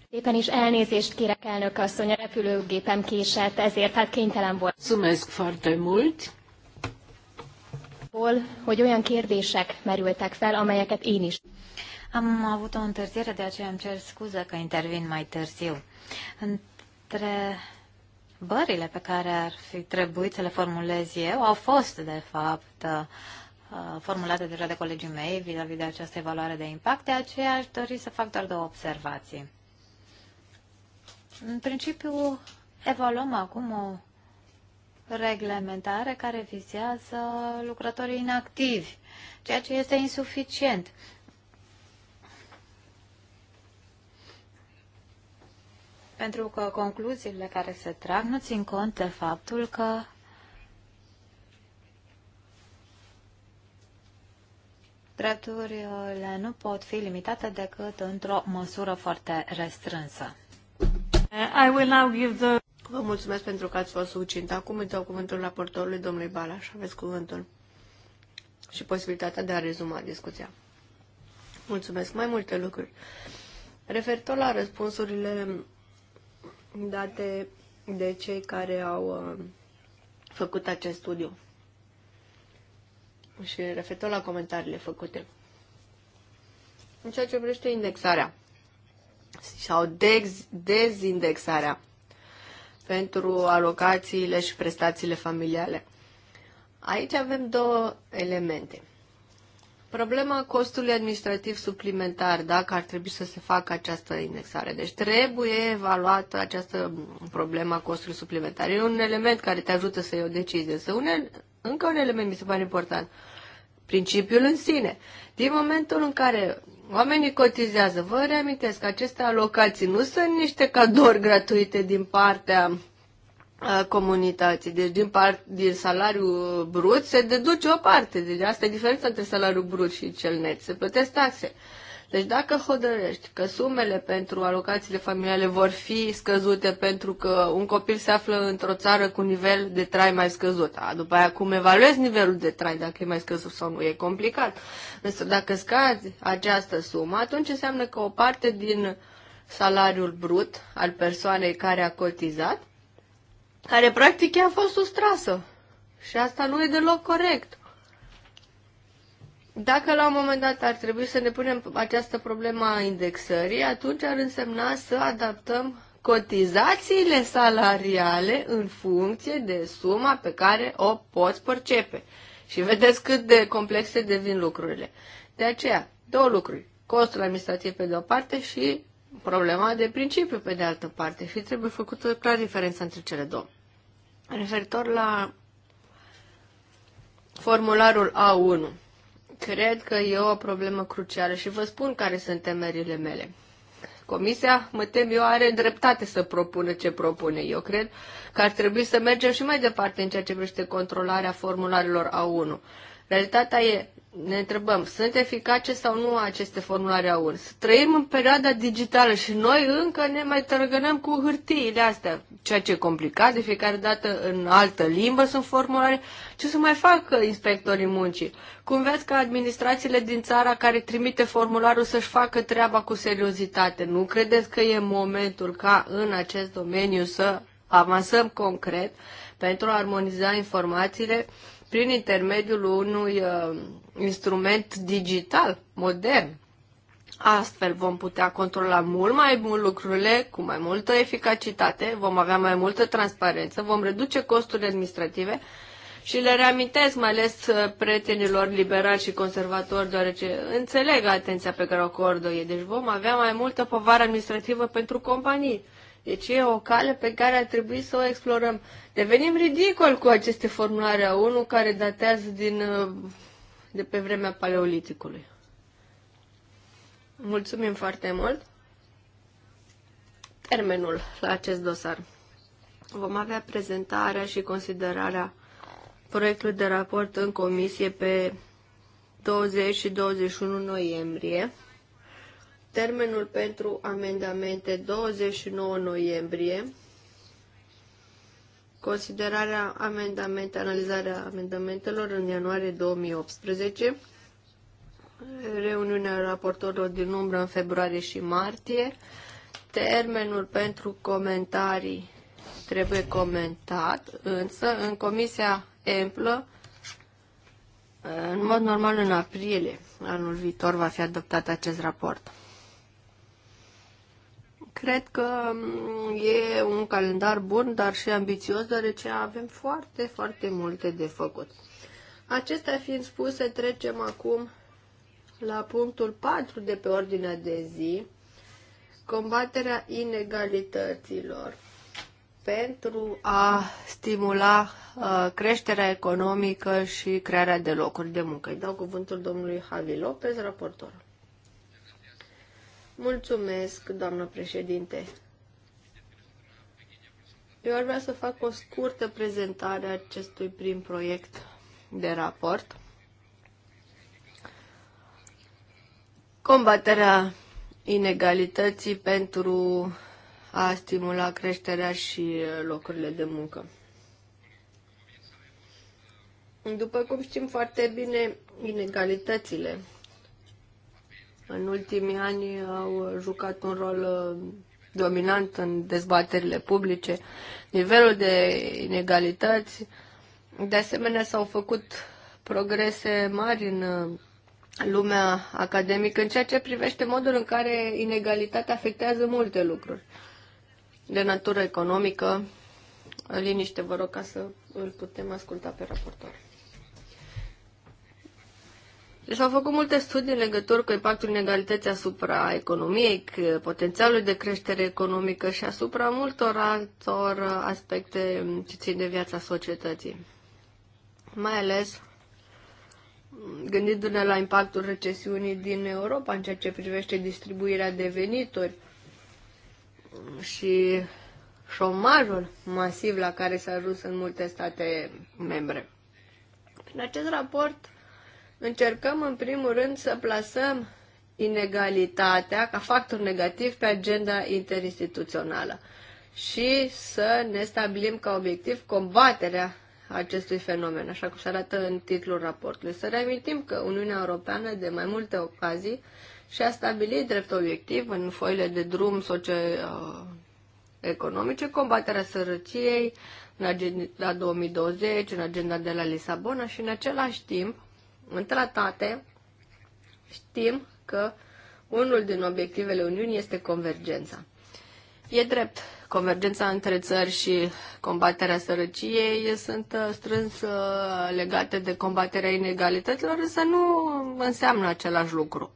Éppen is elnézést kérek, elnök asszony, a repülőgépem késett, ezért hát kénytelen volt. Mulțumesc foarte mult. Hol, Hogy olyan kérdések merültek fel, amelyeket én is. Am avut o întârziere, de aceea îmi cer scuză că intervin mai târziu. Între întrebările pe care ar fi trebuit să le formulez eu au fost, de fapt, uh, formulate deja de colegii mei vis-a-vis -vis de această evaluare de impact, de aceea aș dori să fac doar două observații. În principiu, evaluăm acum o reglementare care vizează lucrătorii inactivi, ceea ce este insuficient. pentru că concluziile care se trag nu țin cont de faptul că drepturile nu pot fi limitate decât într-o măsură foarte restrânsă. Uh, I will now give the... Vă mulțumesc pentru că ați fost sucint. Acum îi dau cuvântul raportorului domnului Balaș. Aveți cuvântul și posibilitatea de a rezuma discuția. Mulțumesc. Mai multe lucruri. Referitor la răspunsurile date de cei care au uh, făcut acest studiu. Și referitor la comentariile făcute. În ceea ce vrește indexarea sau dezindexarea pentru alocațiile și prestațiile familiale. Aici avem două elemente. Problema costului administrativ suplimentar, dacă ar trebui să se facă această indexare. Deci trebuie evaluată această problemă a costului suplimentar. E un element care te ajută să iei o decizie. Să une, încă un element mi se pare important. Principiul în sine. Din momentul în care oamenii cotizează, vă reamintesc, aceste alocații nu sunt niște cadouri gratuite din partea comunității. Deci din, part, din salariul brut se deduce o parte. Deci asta e diferența între salariul brut și cel net. Se plătesc taxe. Deci dacă hotărăști că sumele pentru alocațiile familiale vor fi scăzute pentru că un copil se află într-o țară cu nivel de trai mai scăzut, a, după aia cum evaluezi nivelul de trai, dacă e mai scăzut sau nu, e complicat. Însă dacă scazi această sumă, atunci înseamnă că o parte din salariul brut al persoanei care a cotizat care practic a fost sustrasă. Și asta nu e deloc corect. Dacă la un moment dat ar trebui să ne punem această problemă a indexării, atunci ar însemna să adaptăm cotizațiile salariale în funcție de suma pe care o poți percepe. Și vedeți cât de complexe devin lucrurile. De aceea, două lucruri. Costul administrativ pe de o parte și problema de principiu pe de altă parte. Și trebuie făcută clar diferența între cele două. Referitor la formularul A1, cred că e o problemă crucială și vă spun care sunt temerile mele. Comisia, mă tem eu, are dreptate să propună ce propune. Eu cred că ar trebui să mergem și mai departe în ceea ce privește controlarea formularelor A1. Realitatea e, ne întrebăm, sunt eficace sau nu aceste formulare aur? URSS? Trăim în perioada digitală și noi încă ne mai tărgănăm cu hârtiile astea, ceea ce e complicat, de fiecare dată în altă limbă sunt formulare. Ce să mai facă inspectorii muncii? Cum vezi că administrațiile din țara care trimite formularul să-și facă treaba cu seriozitate? Nu credeți că e momentul ca în acest domeniu să avansăm concret pentru a armoniza informațiile? prin intermediul unui uh, instrument digital modern. Astfel vom putea controla mult mai mult lucrurile cu mai multă eficacitate, vom avea mai multă transparență, vom reduce costurile administrative și le reamintesc mai ales uh, prietenilor liberali și conservatori, deoarece înțeleg atenția pe care o acordă ei. Deci vom avea mai multă povară administrativă pentru companii. Deci e o cale pe care ar trebui să o explorăm. Devenim ridicol cu aceste formulare a unul care datează din, uh, de pe vremea paleoliticului. Mulțumim foarte mult. Termenul la acest dosar. Vom avea prezentarea și considerarea proiectului de raport în comisie pe 20 și 21 noiembrie. Termenul pentru amendamente 29 noiembrie. Considerarea amendamente, analizarea amendamentelor în ianuarie 2018. Reuniunea raportorilor din umbră în februarie și martie. Termenul pentru comentarii trebuie comentat, însă în comisia amplă în mod normal, în aprilie anul viitor va fi adoptat acest raport. Cred că mm, e un calendar bun, dar și ambițios, deoarece avem foarte, foarte multe de făcut. Acestea fiind spuse, trecem acum la punctul 4 de pe ordinea de zi, combaterea inegalităților pentru a stimula uh, creșterea economică și crearea de locuri de muncă. Îi dau cuvântul domnului Javi Lopez, raportor. Mulțumesc, doamnă președinte. Eu ar vrea să fac o scurtă prezentare a acestui prim proiect de raport. Combaterea inegalității pentru a stimula creșterea și locurile de muncă. După cum știm foarte bine, inegalitățile în ultimii ani au jucat un rol uh, dominant în dezbaterile publice. Nivelul de inegalități, de asemenea, s-au făcut progrese mari în uh, lumea academică în ceea ce privește modul în care inegalitatea afectează multe lucruri de natură economică. Liniște, vă rog, ca să îl putem asculta pe raportor. Deci au făcut multe studii în legătură cu impactul inegalității asupra economiei, potențialului de creștere economică și asupra multor altor aspecte ce țin de viața societății. Mai ales gândindu-ne la impactul recesiunii din Europa în ceea ce privește distribuirea de venituri și șomajul masiv la care s-a ajuns în multe state membre. În acest raport Încercăm în primul rând să plasăm inegalitatea ca factor negativ pe agenda interinstituțională și să ne stabilim ca obiectiv combaterea acestui fenomen, așa cum se arată în titlul raportului. Să reamintim că Uniunea Europeană de mai multe ocazii și-a stabilit drept obiectiv în foile de drum socio-economice combaterea sărăciei în agenda 2020, în agenda de la Lisabona și în același timp în tratate știm că unul din obiectivele Uniunii este convergența. E drept, convergența între țări și combaterea sărăciei sunt uh, strâns uh, legate de combaterea inegalităților, însă nu înseamnă același lucru.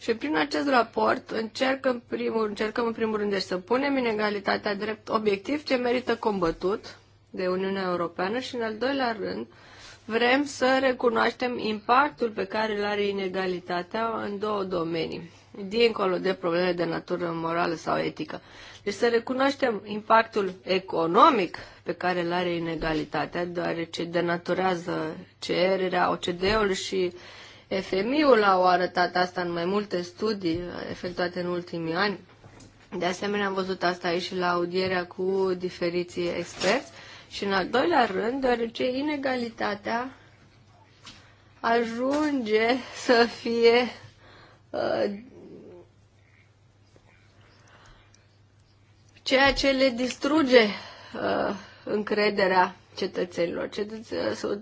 Și prin acest raport încercăm, în primul, încercăm în primul rând deci, să punem inegalitatea drept obiectiv ce merită combătut de Uniunea Europeană și în al doilea rând Vrem să recunoaștem impactul pe care îl are inegalitatea în două domenii, dincolo de probleme de natură morală sau etică. Deci să recunoaștem impactul economic pe care îl are inegalitatea, deoarece denaturează cererea, OCD-ul și FMI-ul au arătat asta în mai multe studii efectuate în ultimii ani. De asemenea, am văzut asta aici la audierea cu diferiții experți. Și în al doilea rând, deoarece inegalitatea ajunge să fie uh, ceea ce le distruge uh, încrederea cetățenilor.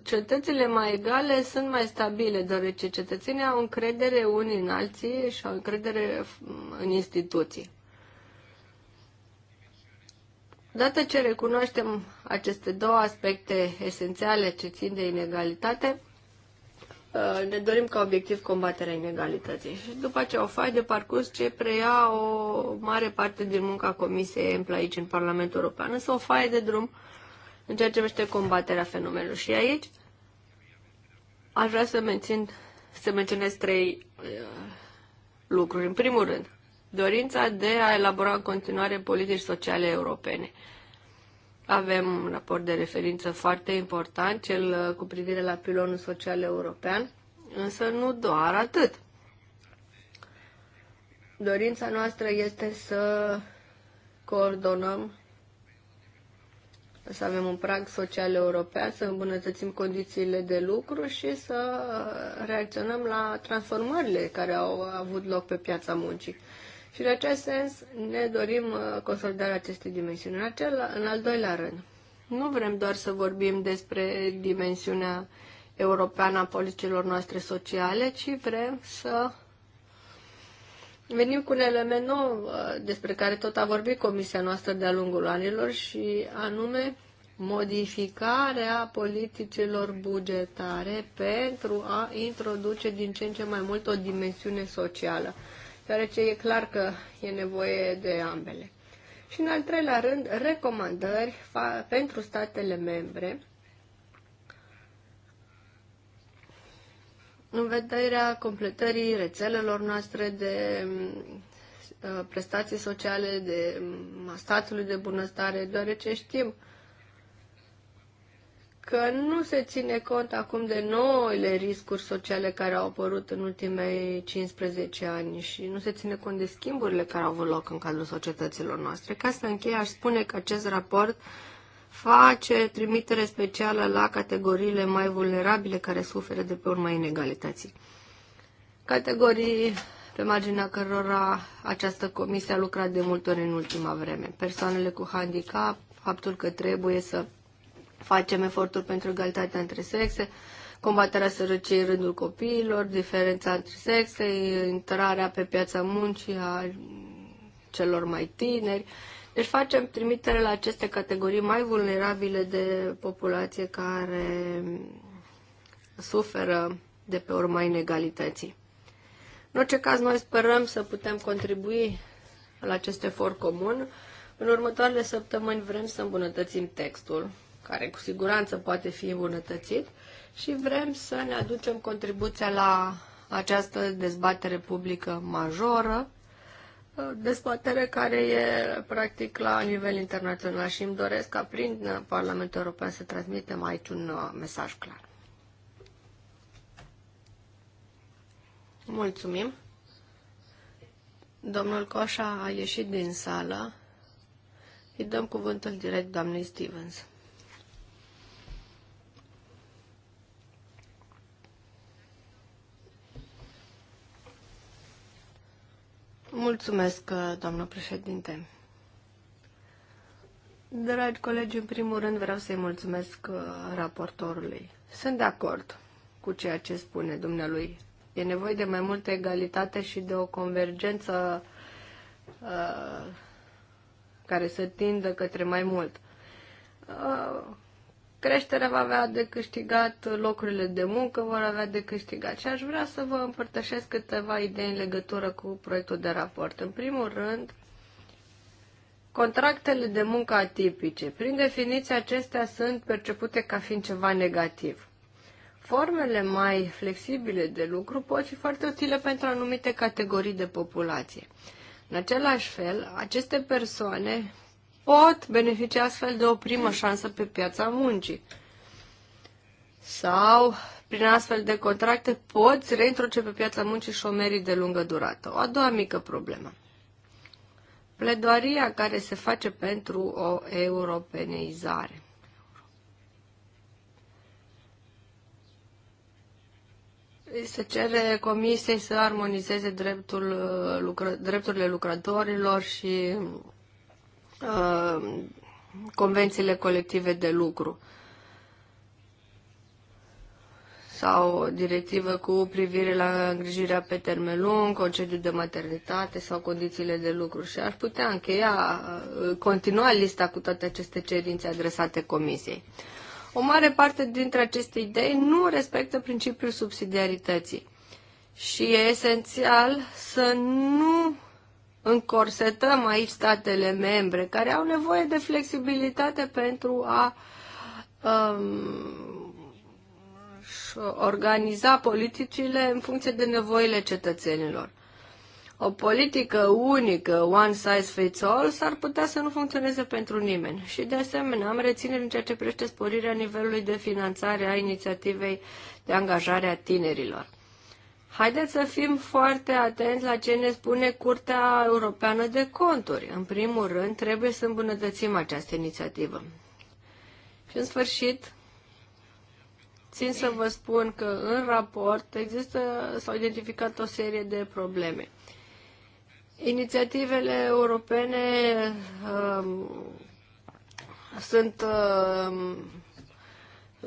Cetățile uh, mai egale sunt mai stabile, deoarece cetățenii au încredere unii în alții și au încredere mm, în instituții. Odată ce recunoaștem aceste două aspecte esențiale ce țin de inegalitate, uh, ne dorim ca obiectiv combaterea inegalității. Și după ce o fai de parcurs ce preia o mare parte din munca Comisiei EMPL aici în Parlamentul European, însă o faie de drum în ceea ce privește combaterea fenomenului. Și aici aș vrea să mențin, să menționez trei uh, lucruri. În primul rând, dorința de a elabora în continuare politici sociale europene. Avem un raport de referință foarte important, cel uh, cu privire la pilonul social european, însă nu doar atât. Dorința noastră este să coordonăm, să avem un prag social european, să îmbunătățim condițiile de lucru și să reacționăm la transformările care au avut loc pe piața muncii. Și în acest sens ne dorim uh, consolidarea acestei dimensiuni. În, în al doilea rând, nu vrem doar să vorbim despre dimensiunea europeană a politicilor noastre sociale, ci vrem să venim cu un element nou uh, despre care tot a vorbit Comisia noastră de-a lungul anilor și anume modificarea politicilor bugetare pentru a introduce din ce în ce mai mult o dimensiune socială deoarece e clar că e nevoie de ambele. Și în al treilea rând, recomandări pentru statele membre în vederea completării rețelelor noastre de mm, uh, prestații sociale, de mm, statului de bunăstare, deoarece știm uh, că nu se ține cont acum de noile riscuri sociale care au apărut în ultimei 15 ani și nu se ține cont de schimburile care au avut loc în cadrul societăților noastre. Ca să închei, aș spune că acest raport face trimitere specială la categoriile mai vulnerabile care suferă de pe urma inegalității. Categorii pe marginea cărora această comisie a lucrat de multe ori în ultima vreme. Persoanele cu handicap, faptul că trebuie să Facem eforturi pentru egalitatea între sexe, combaterea sărăciei în rândul copiilor, diferența între sexe, intrarea pe piața muncii a celor mai tineri. Deci facem trimitere la aceste categorii mai vulnerabile de populație care suferă de pe urma inegalității. În orice caz, noi sperăm să putem contribui la acest efort comun. În următoarele săptămâni vrem să îmbunătățim textul care cu siguranță poate fi îmbunătățit și vrem să ne aducem contribuția la această dezbatere publică majoră, dezbatere care e practic la nivel internațional și îmi doresc ca prin Parlamentul European să transmitem aici un uh, mesaj clar. Mulțumim. Domnul Coșa a ieșit din sală. Îi dăm cuvântul direct doamnei Stevens. Mulțumesc, doamnă președinte. Dragi colegi, în primul rând vreau să-i mulțumesc uh, raportorului. Sunt de acord cu ceea ce spune dumnealui. E nevoie de mai multă egalitate și de o convergență uh, care să tindă către mai mult. Uh, creșterea va avea de câștigat, locurile de muncă vor avea de câștigat și aș vrea să vă împărtășesc câteva idei în legătură cu proiectul de raport. În primul rând, contractele de muncă atipice. Prin definiție, acestea sunt percepute ca fiind ceva negativ. Formele mai flexibile de lucru pot fi foarte utile pentru anumite categorii de populație. În același fel, aceste persoane pot beneficia astfel de o primă șansă pe piața muncii. Sau, prin astfel de contracte, poți reintroduce pe piața muncii șomerii de lungă durată. O a doua mică problemă. Pledoaria care se face pentru o europeneizare. Se cere comisiei să armonizeze dreptul, lucră, drepturile lucrătorilor și Uh, convențiile colective de lucru sau o directivă cu privire la îngrijirea pe termen lung, concediu de maternitate sau condițiile de lucru. Și aș putea încheia, uh, continua lista cu toate aceste cerințe adresate Comisiei. O mare parte dintre aceste idei nu respectă principiul subsidiarității. Și e esențial să nu încorsetăm aici statele membre care au nevoie de flexibilitate pentru a um, organiza politicile în funcție de nevoile cetățenilor. O politică unică, one size fits all, s-ar putea să nu funcționeze pentru nimeni. Și de asemenea, am reținere în ceea ce privește sporirea nivelului de finanțare a inițiativei de angajare a tinerilor. Haideți să fim foarte atenți la ce ne spune Curtea Europeană de Conturi. În primul rând, trebuie să îmbunătățim această inițiativă. Și în sfârșit, țin să vă spun că în raport există, s-au identificat o serie de probleme. Inițiativele europene uh, sunt uh,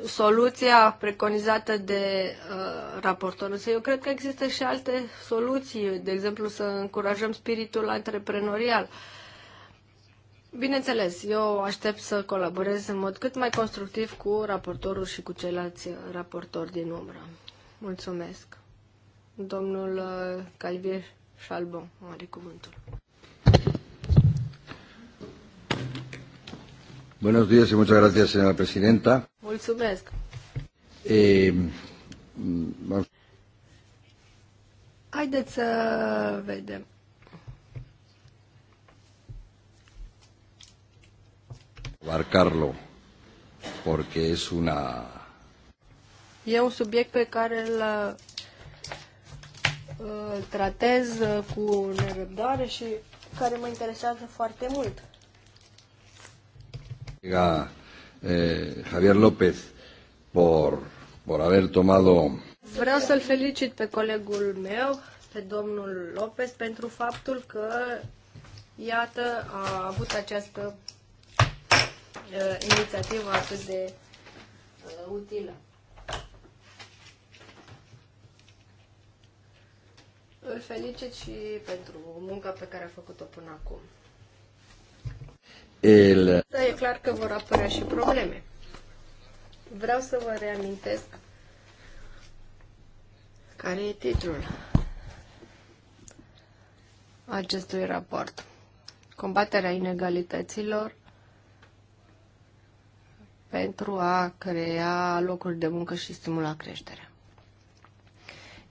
soluția preconizată de uh, raportor. Însă eu cred că există și alte soluții, de exemplu să încurajăm spiritul antreprenorial. Bineînțeles, eu aștept să colaborez în mod cât mai constructiv cu raportorul și cu ceilalți raportori din umbră. Mulțumesc. Domnul uh, Calvier Șalbon are cuvântul. Buenos días y muchas gracias, señora presidenta. Mulțumesc. Eh, Haideți să vedem. Abarcarlo, porque es una... E un subiect pe care îl tratez cu nerăbdare și care mă interesează foarte mult colega eh, Javier López por, por haber tomado... Vreau să-l felicit pe colegul meu, pe domnul López, pentru faptul că, iată, a avut această uh, inițiativă atât de uh, utilă. Îl felicit și pentru munca pe care a făcut-o până acum. El... Da, e clar că vor apărea și probleme. Vreau să vă reamintesc care e titlul acestui raport. Combaterea inegalităților pentru a crea locuri de muncă și stimula creșterea.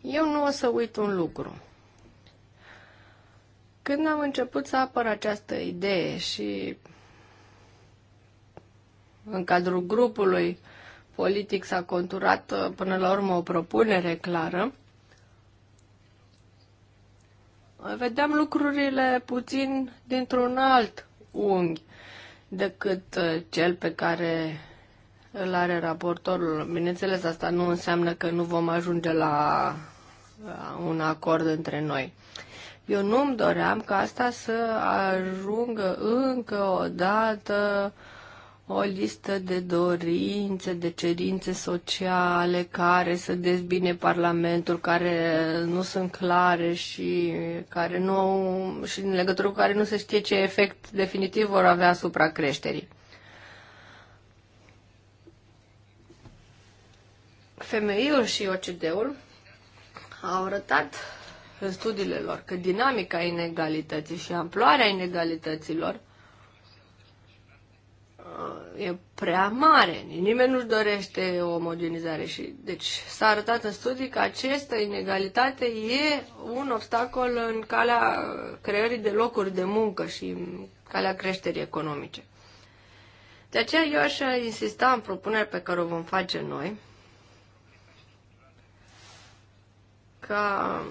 Eu nu o să uit un lucru. Când am început să apăr această idee și în cadrul grupului politic s-a conturat uh, până la urmă o propunere clară. Vedeam lucrurile puțin dintr-un alt unghi decât uh, cel pe care îl are raportorul. Bineînțeles, asta nu înseamnă că nu vom ajunge la uh, un acord între noi. Eu nu-mi doream ca asta să ajungă încă o dată uh, o listă de dorințe, de cerințe sociale care să dezbine Parlamentul, care nu sunt clare și care nu și în legătură cu care nu se știe ce efect definitiv vor avea asupra creșterii. Femeiul și OCD-ul au arătat în studiile lor că dinamica inegalității și amploarea inegalităților e prea mare. Nimeni nu-și dorește o omogenizare. Și, deci s-a arătat în studii că această inegalitate e un obstacol în calea creării de locuri de muncă și în calea creșterii economice. De aceea eu aș insista în propunerea pe care o vom face noi, ca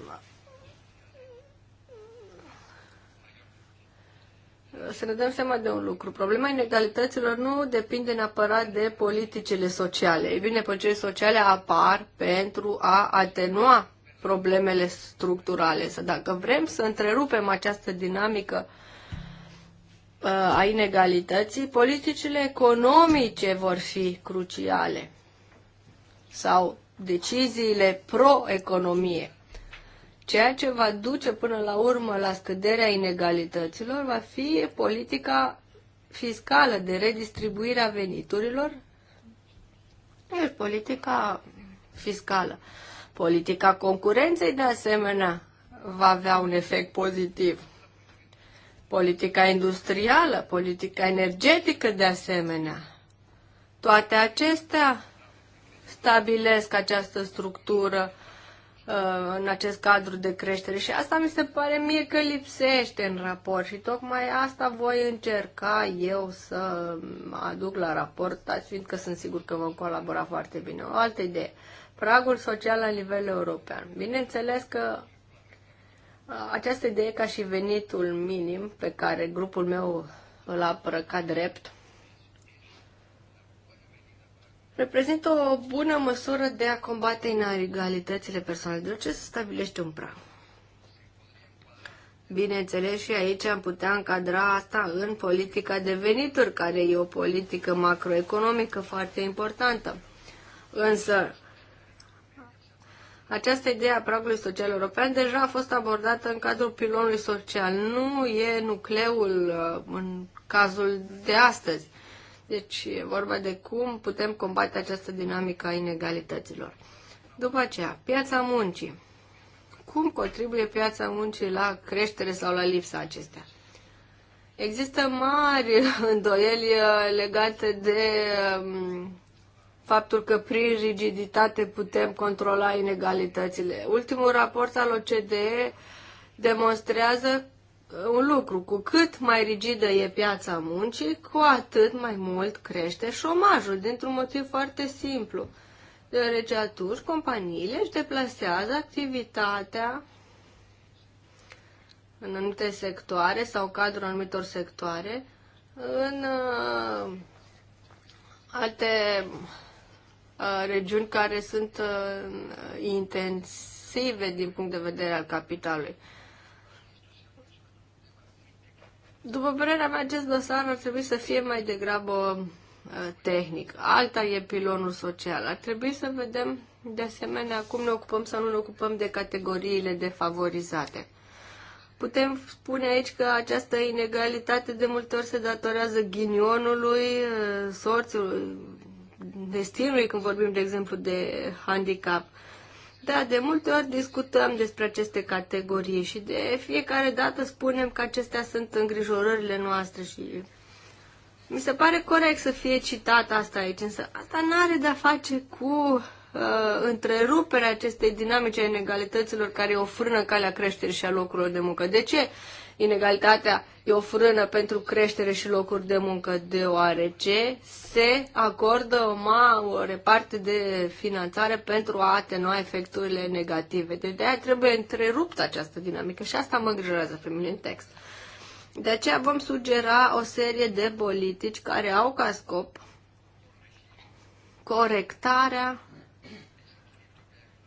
să ne dăm seama de un lucru. Problema inegalităților nu depinde neapărat de politicile sociale. Ei bine, politicile sociale apar pentru a atenua problemele structurale. Să dacă vrem să întrerupem această dinamică uh, a inegalității, politicile economice vor fi cruciale sau deciziile pro-economie. Ceea ce va duce până la urmă la scăderea inegalităților va fi politica fiscală de redistribuire a veniturilor, deci politica fiscală. Politica concurenței, de asemenea, va avea un efect pozitiv. Politica industrială, politica energetică, de asemenea. Toate acestea stabilesc această structură Uh, în acest cadru de creștere și asta mi se pare mie că lipsește în raport și tocmai asta voi încerca eu să aduc la raport, fiindcă sunt sigur că vom colabora foarte bine. O altă idee, pragul social la nivel european. Bineînțeles că uh, această idee ca și venitul minim pe care grupul meu îl apără ca drept, reprezintă o bună măsură de a combate inegalitățile personale. De ce se stabilește un prag? Bineînțeles, și aici am putea încadra asta în politica de venituri, care e o politică macroeconomică foarte importantă. Însă, această idee a pragului social european deja a fost abordată în cadrul pilonului social. Nu e nucleul uh, în cazul de astăzi. Deci e vorba de cum putem combate această dinamică a inegalităților. După aceea, piața muncii. Cum contribuie piața muncii la creștere sau la lipsa acestea? Există mari <laughs> îndoieli uh, legate de um, faptul că prin rigiditate putem controla inegalitățile. Ultimul raport al OCDE demonstrează un lucru, cu cât mai rigidă e piața muncii, cu atât mai mult crește șomajul, dintr-un motiv foarte simplu. Deoarece atunci companiile își deplasează activitatea în anumite sectoare sau cadrul anumitor sectoare în uh, alte uh, regiuni care sunt uh, intensive din punct de vedere al capitalului. Uh, după părerea mea, acest dosar ar trebui să fie mai degrabă uh, tehnic. Alta e pilonul social. Ar trebui să vedem, de asemenea, cum ne ocupăm sau nu ne ocupăm de categoriile defavorizate. Putem spune aici că această inegalitate de multe ori se datorează ghinionului, uh, sorțului, destinului, când vorbim, de exemplu, de handicap. Da, de multe ori discutăm despre aceste categorii și de fiecare dată spunem că acestea sunt îngrijorările noastre și mi se pare corect să fie citat asta aici, însă asta nu are de-a face cu uh, întreruperea acestei dinamice a inegalităților care o frână calea creșterii și a locurilor de muncă. De ce? Inegalitatea e o frână pentru creștere și locuri de muncă, deoarece se acordă o mare parte de finanțare pentru a atenua efecturile negative. Deci de aceea trebuie întreruptă această dinamică și asta mă îngrijorează pe mine în text. De aceea vom sugera o serie de politici care au ca scop corectarea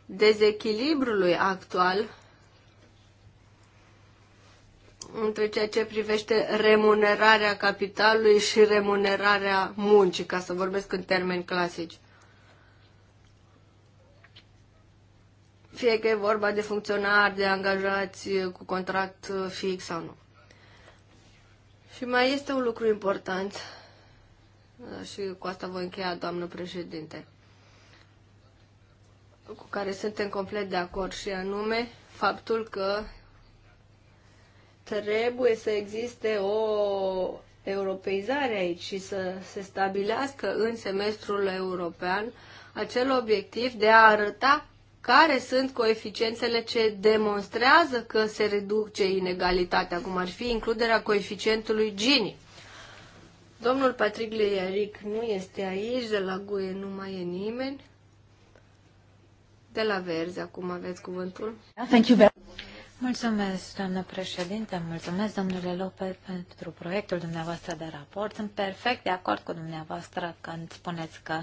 dezechilibrului actual între ceea ce privește remunerarea capitalului și remunerarea muncii, ca să vorbesc în termeni clasici. Fie că e vorba de funcționari, de angajați cu contract fix sau nu. Și mai este un lucru important și cu asta voi încheia, doamnă președinte, cu care suntem complet de acord și anume faptul că trebuie să existe o europeizare aici și să se stabilească în semestrul european acel obiectiv de a arăta care sunt coeficiențele ce demonstrează că se reduce inegalitatea, cum ar fi includerea coeficientului Gini. Domnul Patrick Leiaric nu este aici, de la Guie nu mai e nimeni. De la Verzi, acum aveți cuvântul. Thank you very much. Mulțumesc, doamnă președinte, mulțumesc, domnule Lopez, pentru proiectul dumneavoastră de raport. Sunt perfect de acord cu dumneavoastră când spuneți că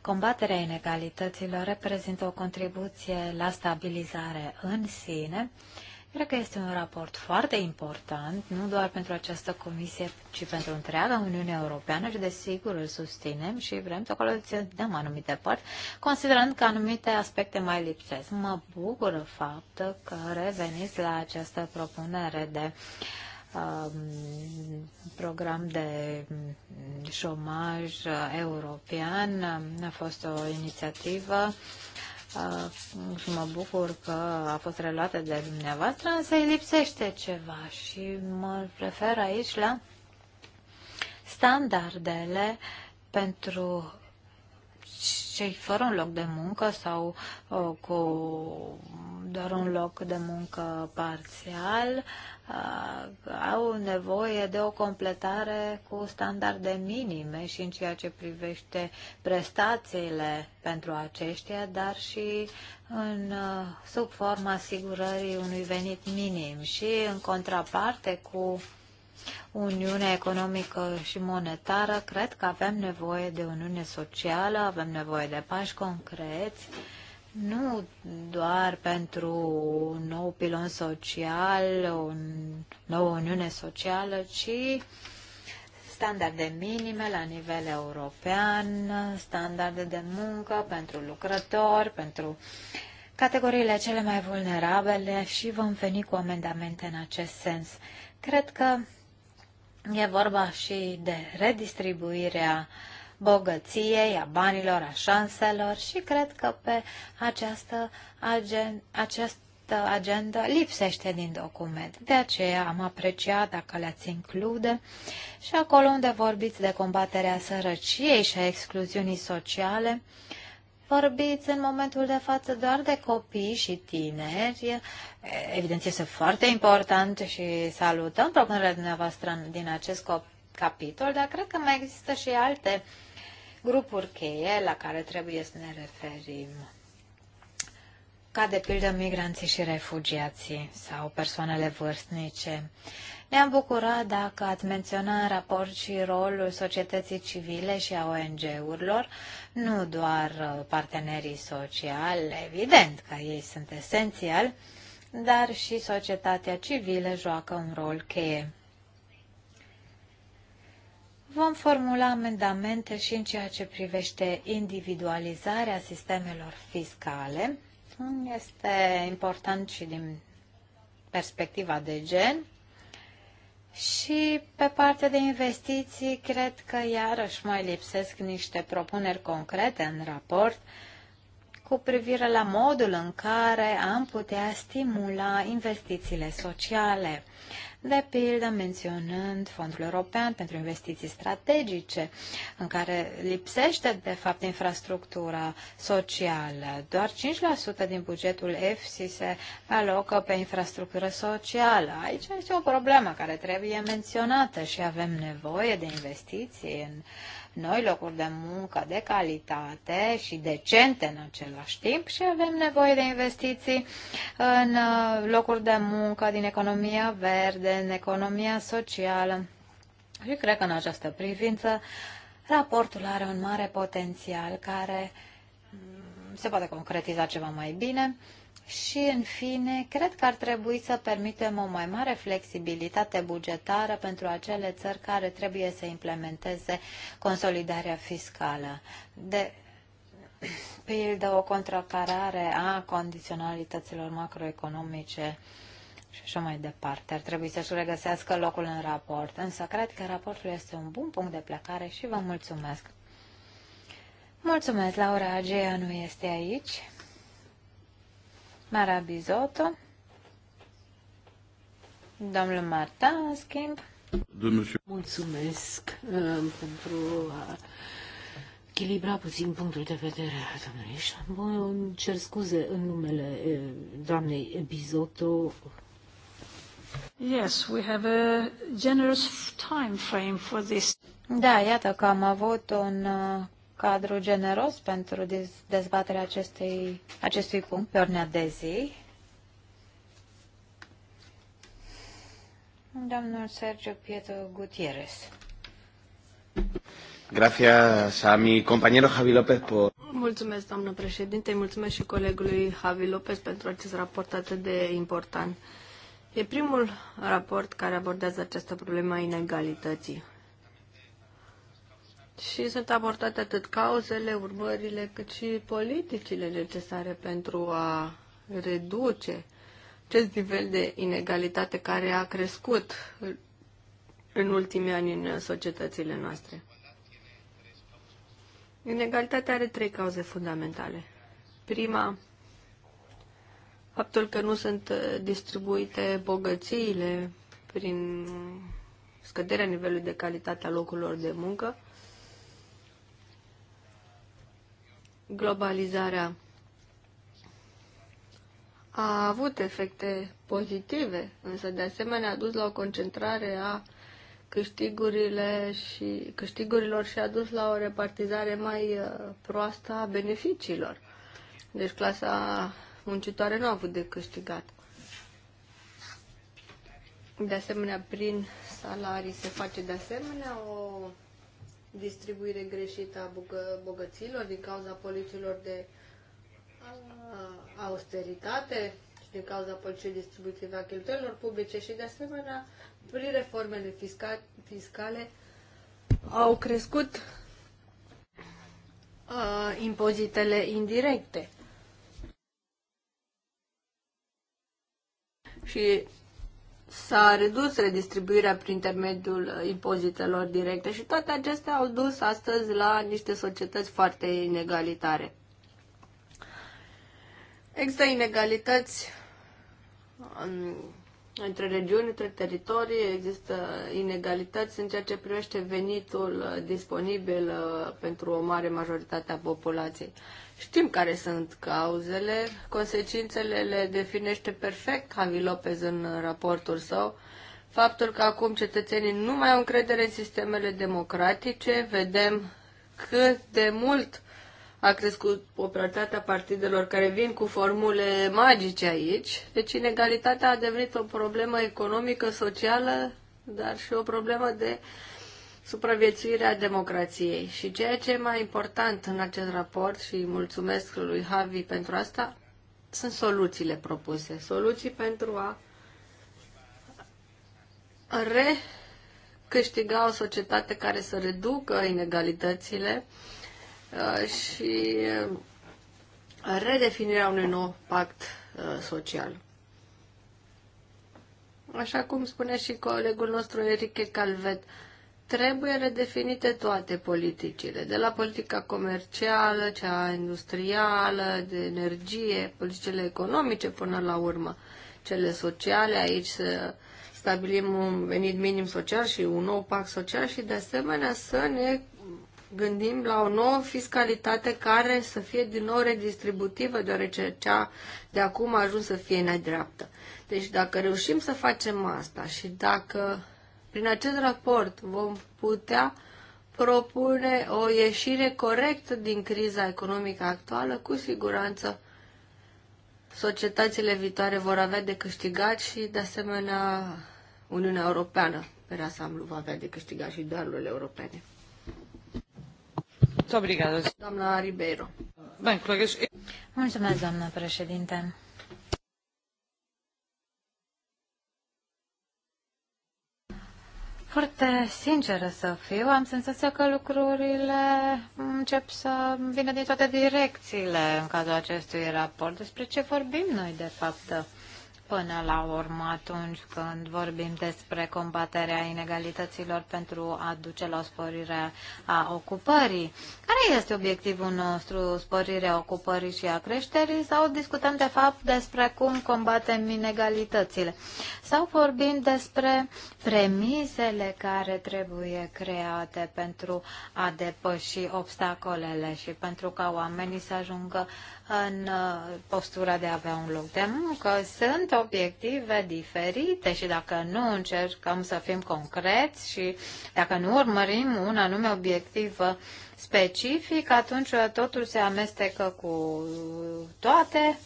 combaterea inegalităților reprezintă o contribuție la stabilizare în sine, uh, Cred că este un raport foarte important, nu doar pentru această comisie, ci pentru întreaga Uniune Europeană și desigur îl susținem și vrem să colecționăm anumite părți, considerând că anumite aspecte mai lipsesc. Mă bucură faptul că reveniți la această propunere de um, program de șomaj european. A fost o inițiativă Ah, și mă bucur că a fost reluată de dumneavoastră, însă îi lipsește ceva și mă refer aici la standardele pentru cei fără un loc de muncă sau uh, cu doar un loc de muncă parțial, Uh, au nevoie de o completare cu standarde minime și în ceea ce privește prestațiile pentru aceștia, dar și în, uh, sub forma asigurării unui venit minim și în contraparte cu Uniunea economică și monetară, cred că avem nevoie de Uniune socială, avem nevoie de pași concreți nu doar pentru un nou pilon social, o nouă uniune socială, ci standarde minime la nivel european, standarde de muncă pentru lucrători, pentru categoriile cele mai vulnerabile și vom veni cu amendamente în acest sens. Cred că e vorba și de redistribuirea uh, bogăției, a banilor, a șanselor și cred că pe această agen, această agendă lipsește din document. De aceea am apreciat dacă le-ați include și acolo unde vorbiți de combaterea sărăciei și a excluziunii sociale, vorbiți în momentul de față doar de copii și tineri. Evident, este foarte important și salutăm propunerea dumneavoastră din acest copil capitol, dar cred că mai există și alte uh, grupuri cheie la care trebuie să ne referim, ca de pildă migranții și refugiații sau persoanele vârstnice. Ne-am bucurat dacă ați menționat în raport și rolul societății civile și a ONG-urilor, nu doar uh, partenerii sociali, evident că ei sunt esențiali, dar și societatea civilă joacă un rol cheie. Vom formula amendamente și în ceea ce privește individualizarea sistemelor fiscale. Este important și din perspectiva de gen. Și pe partea de investiții, cred că iarăși mai lipsesc niște propuneri concrete în raport cu privire la modul în care am putea stimula investițiile sociale de pildă menționând Fondul European pentru Investiții Strategice, în care lipsește, de fapt, infrastructura socială. Doar 5% din bugetul EFSI se alocă pe infrastructură socială. Aici este o problemă care trebuie menționată și avem nevoie de investiții în uh, noi locuri de muncă de calitate și decente în același timp și avem nevoie de investiții în uh, locuri de muncă din economia verde, în economia socială. Și cred că în această privință raportul are un mare potențial care mm, se poate concretiza ceva mai bine și, în fine, cred că ar trebui să permitem o mai mare flexibilitate bugetară pentru acele țări care trebuie să implementeze consolidarea fiscală. De <clears throat> pildă, o contracarare a condiționalităților macroeconomice și așa mai departe. Ar trebui să-și regăsească locul în raport. Însă cred că raportul este un bun punct de plecare și vă mulțumesc. Mulțumesc, Laura Agea nu este aici. Mara Bizotto, domnul Marta, în schimb. Mulțumesc uh, pentru a echilibra puțin punctul de vedere a domnului Cer scuze în numele uh, doamnei Bizotto. Yes, we have a generous time frame for this. Da, iată că am avut un uh, cadru generos pentru dezbaterea acestei, acestui punct pe ordinea de zi. Domnul Sergio Pietro Gutierrez. Gracias a mi compañero Javi López por... Mulțumesc, doamnă președinte, mulțumesc și colegului Javi López pentru acest raport atât de important. E primul raport care abordează această problemă a inegalității și sunt abordate atât cauzele, urmările, cât și politicile necesare pentru a reduce acest nivel de inegalitate care a crescut în ultimii ani în societățile noastre. Inegalitatea are trei cauze fundamentale. Prima, faptul că nu sunt distribuite bogățiile prin scăderea nivelului de calitate a locurilor de muncă, globalizarea a avut efecte pozitive, însă de asemenea a dus la o concentrare a câștigurile și, câștigurilor și a dus la o repartizare mai uh, proastă a beneficiilor. Deci clasa muncitoare nu a avut de câștigat. De asemenea, prin salarii se face de asemenea o distribuire greșită a bugă, bogăților din cauza politicilor de austeritate și din cauza politicii distributive a cheltuielor publice și, de asemenea, prin reformele fisca, fiscale au crescut uh, impozitele indirecte. Și s-a redus redistribuirea prin intermediul uh, impozitelor directe și toate acestea au dus astăzi la niște societăți foarte inegalitare. Există inegalități în, um, între regiuni, între teritorii, există inegalități în ceea ce privește venitul uh, disponibil uh, pentru o mare majoritate a populației. Știm care sunt cauzele, consecințele le definește perfect Javi Lopez în raportul său. Faptul că acum cetățenii nu mai au încredere în sistemele democratice, vedem cât de mult a crescut popularitatea partidelor care vin cu formule magice aici. Deci inegalitatea a devenit o problemă economică, socială, dar și o problemă de uh, supraviețuirea democrației. Și ceea ce e mai important în acest raport, și mulțumesc lui Harvey pentru asta, sunt soluțiile propuse. Soluții pentru a recâștiga o societate care să reducă inegalitățile uh, și uh, redefinirea unui nou pact uh, social. Așa cum spune și colegul nostru Enrique Calvet, trebuie redefinite toate politicile, de la politica comercială, cea industrială, de energie, politicile economice până la urmă, cele sociale, aici să stabilim un venit minim social și un nou pact social și de asemenea să ne gândim la o nouă fiscalitate care să fie din nou redistributivă, deoarece cea de acum a ajuns să fie nedreaptă. Deci dacă reușim să facem asta și dacă prin acest raport vom putea propune o ieșire corectă din criza economică actuală, cu siguranță societățile viitoare vor avea de câștigat și, de asemenea, Uniunea Europeană, pe reasamblu, va avea de câștigat și doarurile europene. Obrigada. Doamna Ribeiro. Mulțumesc, doamnă președinte. Foarte sinceră să fiu, am senzația că lucrurile încep să vină din toate direcțiile în cazul acestui raport. Despre ce vorbim noi, de fapt? până la urmă atunci când vorbim despre combaterea inegalităților pentru a duce la sporirea sporire a ocupării. Care este obiectivul nostru, sporirea ocupării și a creșterii sau discutăm de fapt despre cum combatem inegalitățile? Sau vorbim despre premisele care trebuie create pentru a depăși obstacolele și pentru ca oamenii să ajungă în uh, postura de a avea un loc de muncă. Sunt obiective diferite și dacă nu încercăm să fim concreți și dacă nu urmărim un anume obiectiv specific, atunci totul se amestecă cu toate,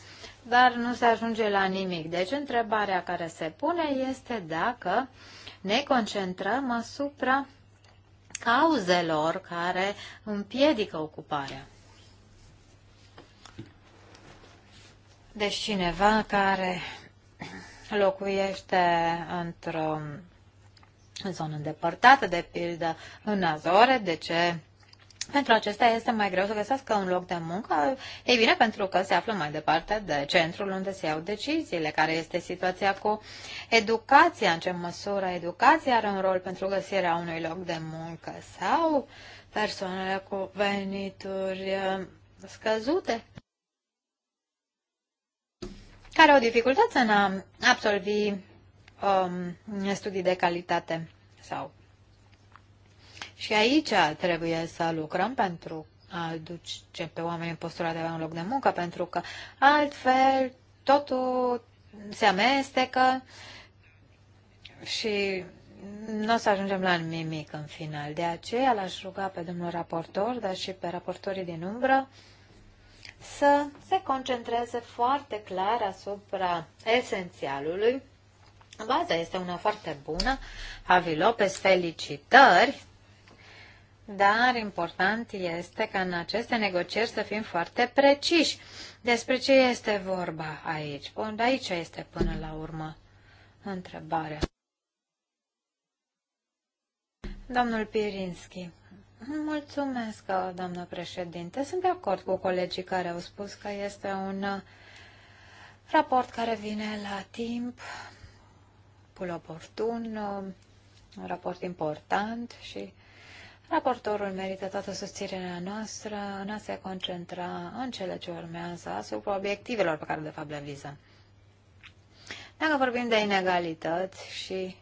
dar nu se ajunge la nimic. Deci întrebarea care se pune este dacă ne concentrăm asupra cauzelor care împiedică ocuparea. Deci cineva care locuiește într-o zonă îndepărtată, de pildă în Azore, de ce pentru acesta este mai greu să găsească un loc de muncă? Ei bine, pentru că se află mai departe de centrul unde se iau deciziile, care este situația cu educația, în ce măsură educația are un rol pentru găsirea unui loc de muncă sau persoanele cu venituri eh, scăzute care au dificultăți în a absolvi um, studii de calitate sau. Și aici trebuie să lucrăm pentru a duce pe oameni în postura de avea un loc de muncă, pentru că altfel totul se amestecă și nu o să ajungem la nimic în final. De aceea l-aș ruga pe domnul raportor, dar și pe raportorii din umbră, să se concentreze foarte clar asupra esențialului. Baza este una foarte bună. Avi Lopez, felicitări! Dar important este ca în aceste negocieri să fim foarte preciși. Despre ce este vorba aici? Bun, aici este până la urmă întrebarea. Domnul Pirinski, Mulțumesc, doamnă președinte. Sunt de acord cu colegii care au spus că este un uh, raport care vine la timp, pul oportun, uh, un raport important și raportorul merită toată susținerea noastră în a se concentra în cele ce urmează asupra obiectivelor pe care de fapt le vizăm. Dacă vorbim de inegalități și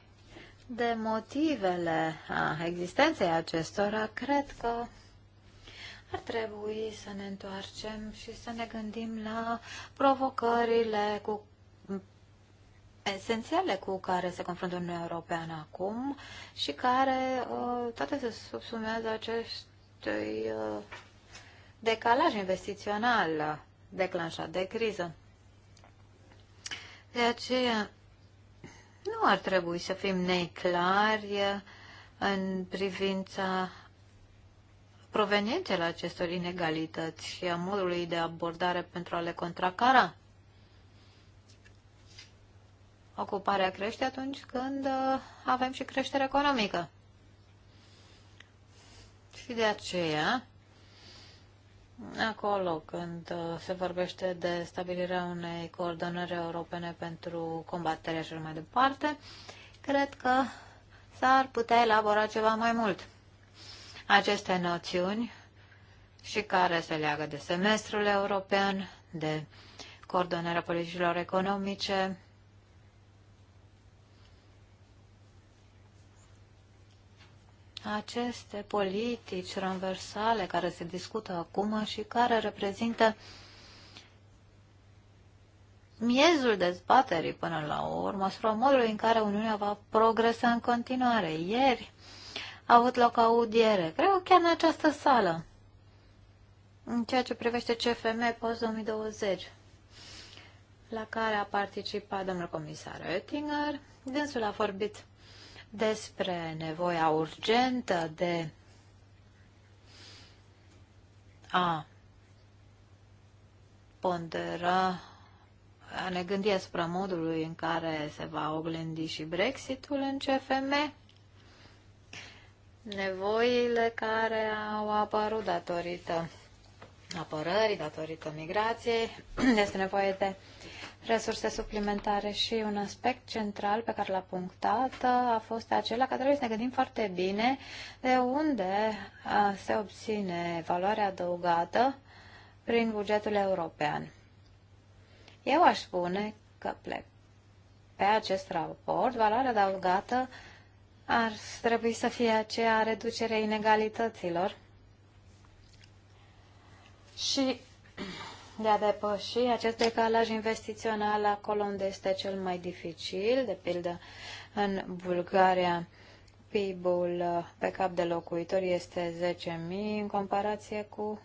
de motivele existenței acestora, cred că ar trebui să ne întoarcem și să ne gândim la provocările cu esențiale cu care se confruntă Uniunea Europeană acum și care uh, toate se subsumează acestui uh, decalaj investițional declanșat de criză. De aceea, nu ar trebui să fim neclari uh, în privința proveniențele acestor inegalități și a modului de abordare pentru a le contracara. Ocuparea crește atunci când uh, avem și creștere economică. Și de aceea acolo când uh, se vorbește de stabilirea unei coordonări europene pentru combaterea și mai departe, cred că s-ar putea elabora ceva mai mult. Aceste noțiuni și care se leagă de semestrul european, de coordonarea politicilor economice, aceste politici transversale care se discută acum și care reprezintă miezul dezbaterii până la urmă asupra modului în care Uniunea va progresa în continuare. Ieri a avut loc audiere, cred chiar în această sală, în ceea ce privește CFM post-2020, la care a participat domnul comisar Oettinger. Dânsul a vorbit despre nevoia urgentă de a pondera, a ne gândi asupra modului în care se va oglindi și Brexitul în CFM, nevoile care au apărut datorită apărării, datorită migrației, <clears throat> este nevoie de resurse suplimentare și un aspect central pe care l-a punctat a fost acela că trebuie să ne gândim foarte bine de unde se obține valoarea adăugată prin bugetul european. Eu aș spune că plec pe acest raport, valoarea adăugată ar trebui să fie aceea reducerea inegalităților și de a depăși acest decalaj investițional acolo unde este cel mai dificil, de pildă în Bulgaria. PIB-ul uh, pe cap de locuitor este 10.000 în comparație cu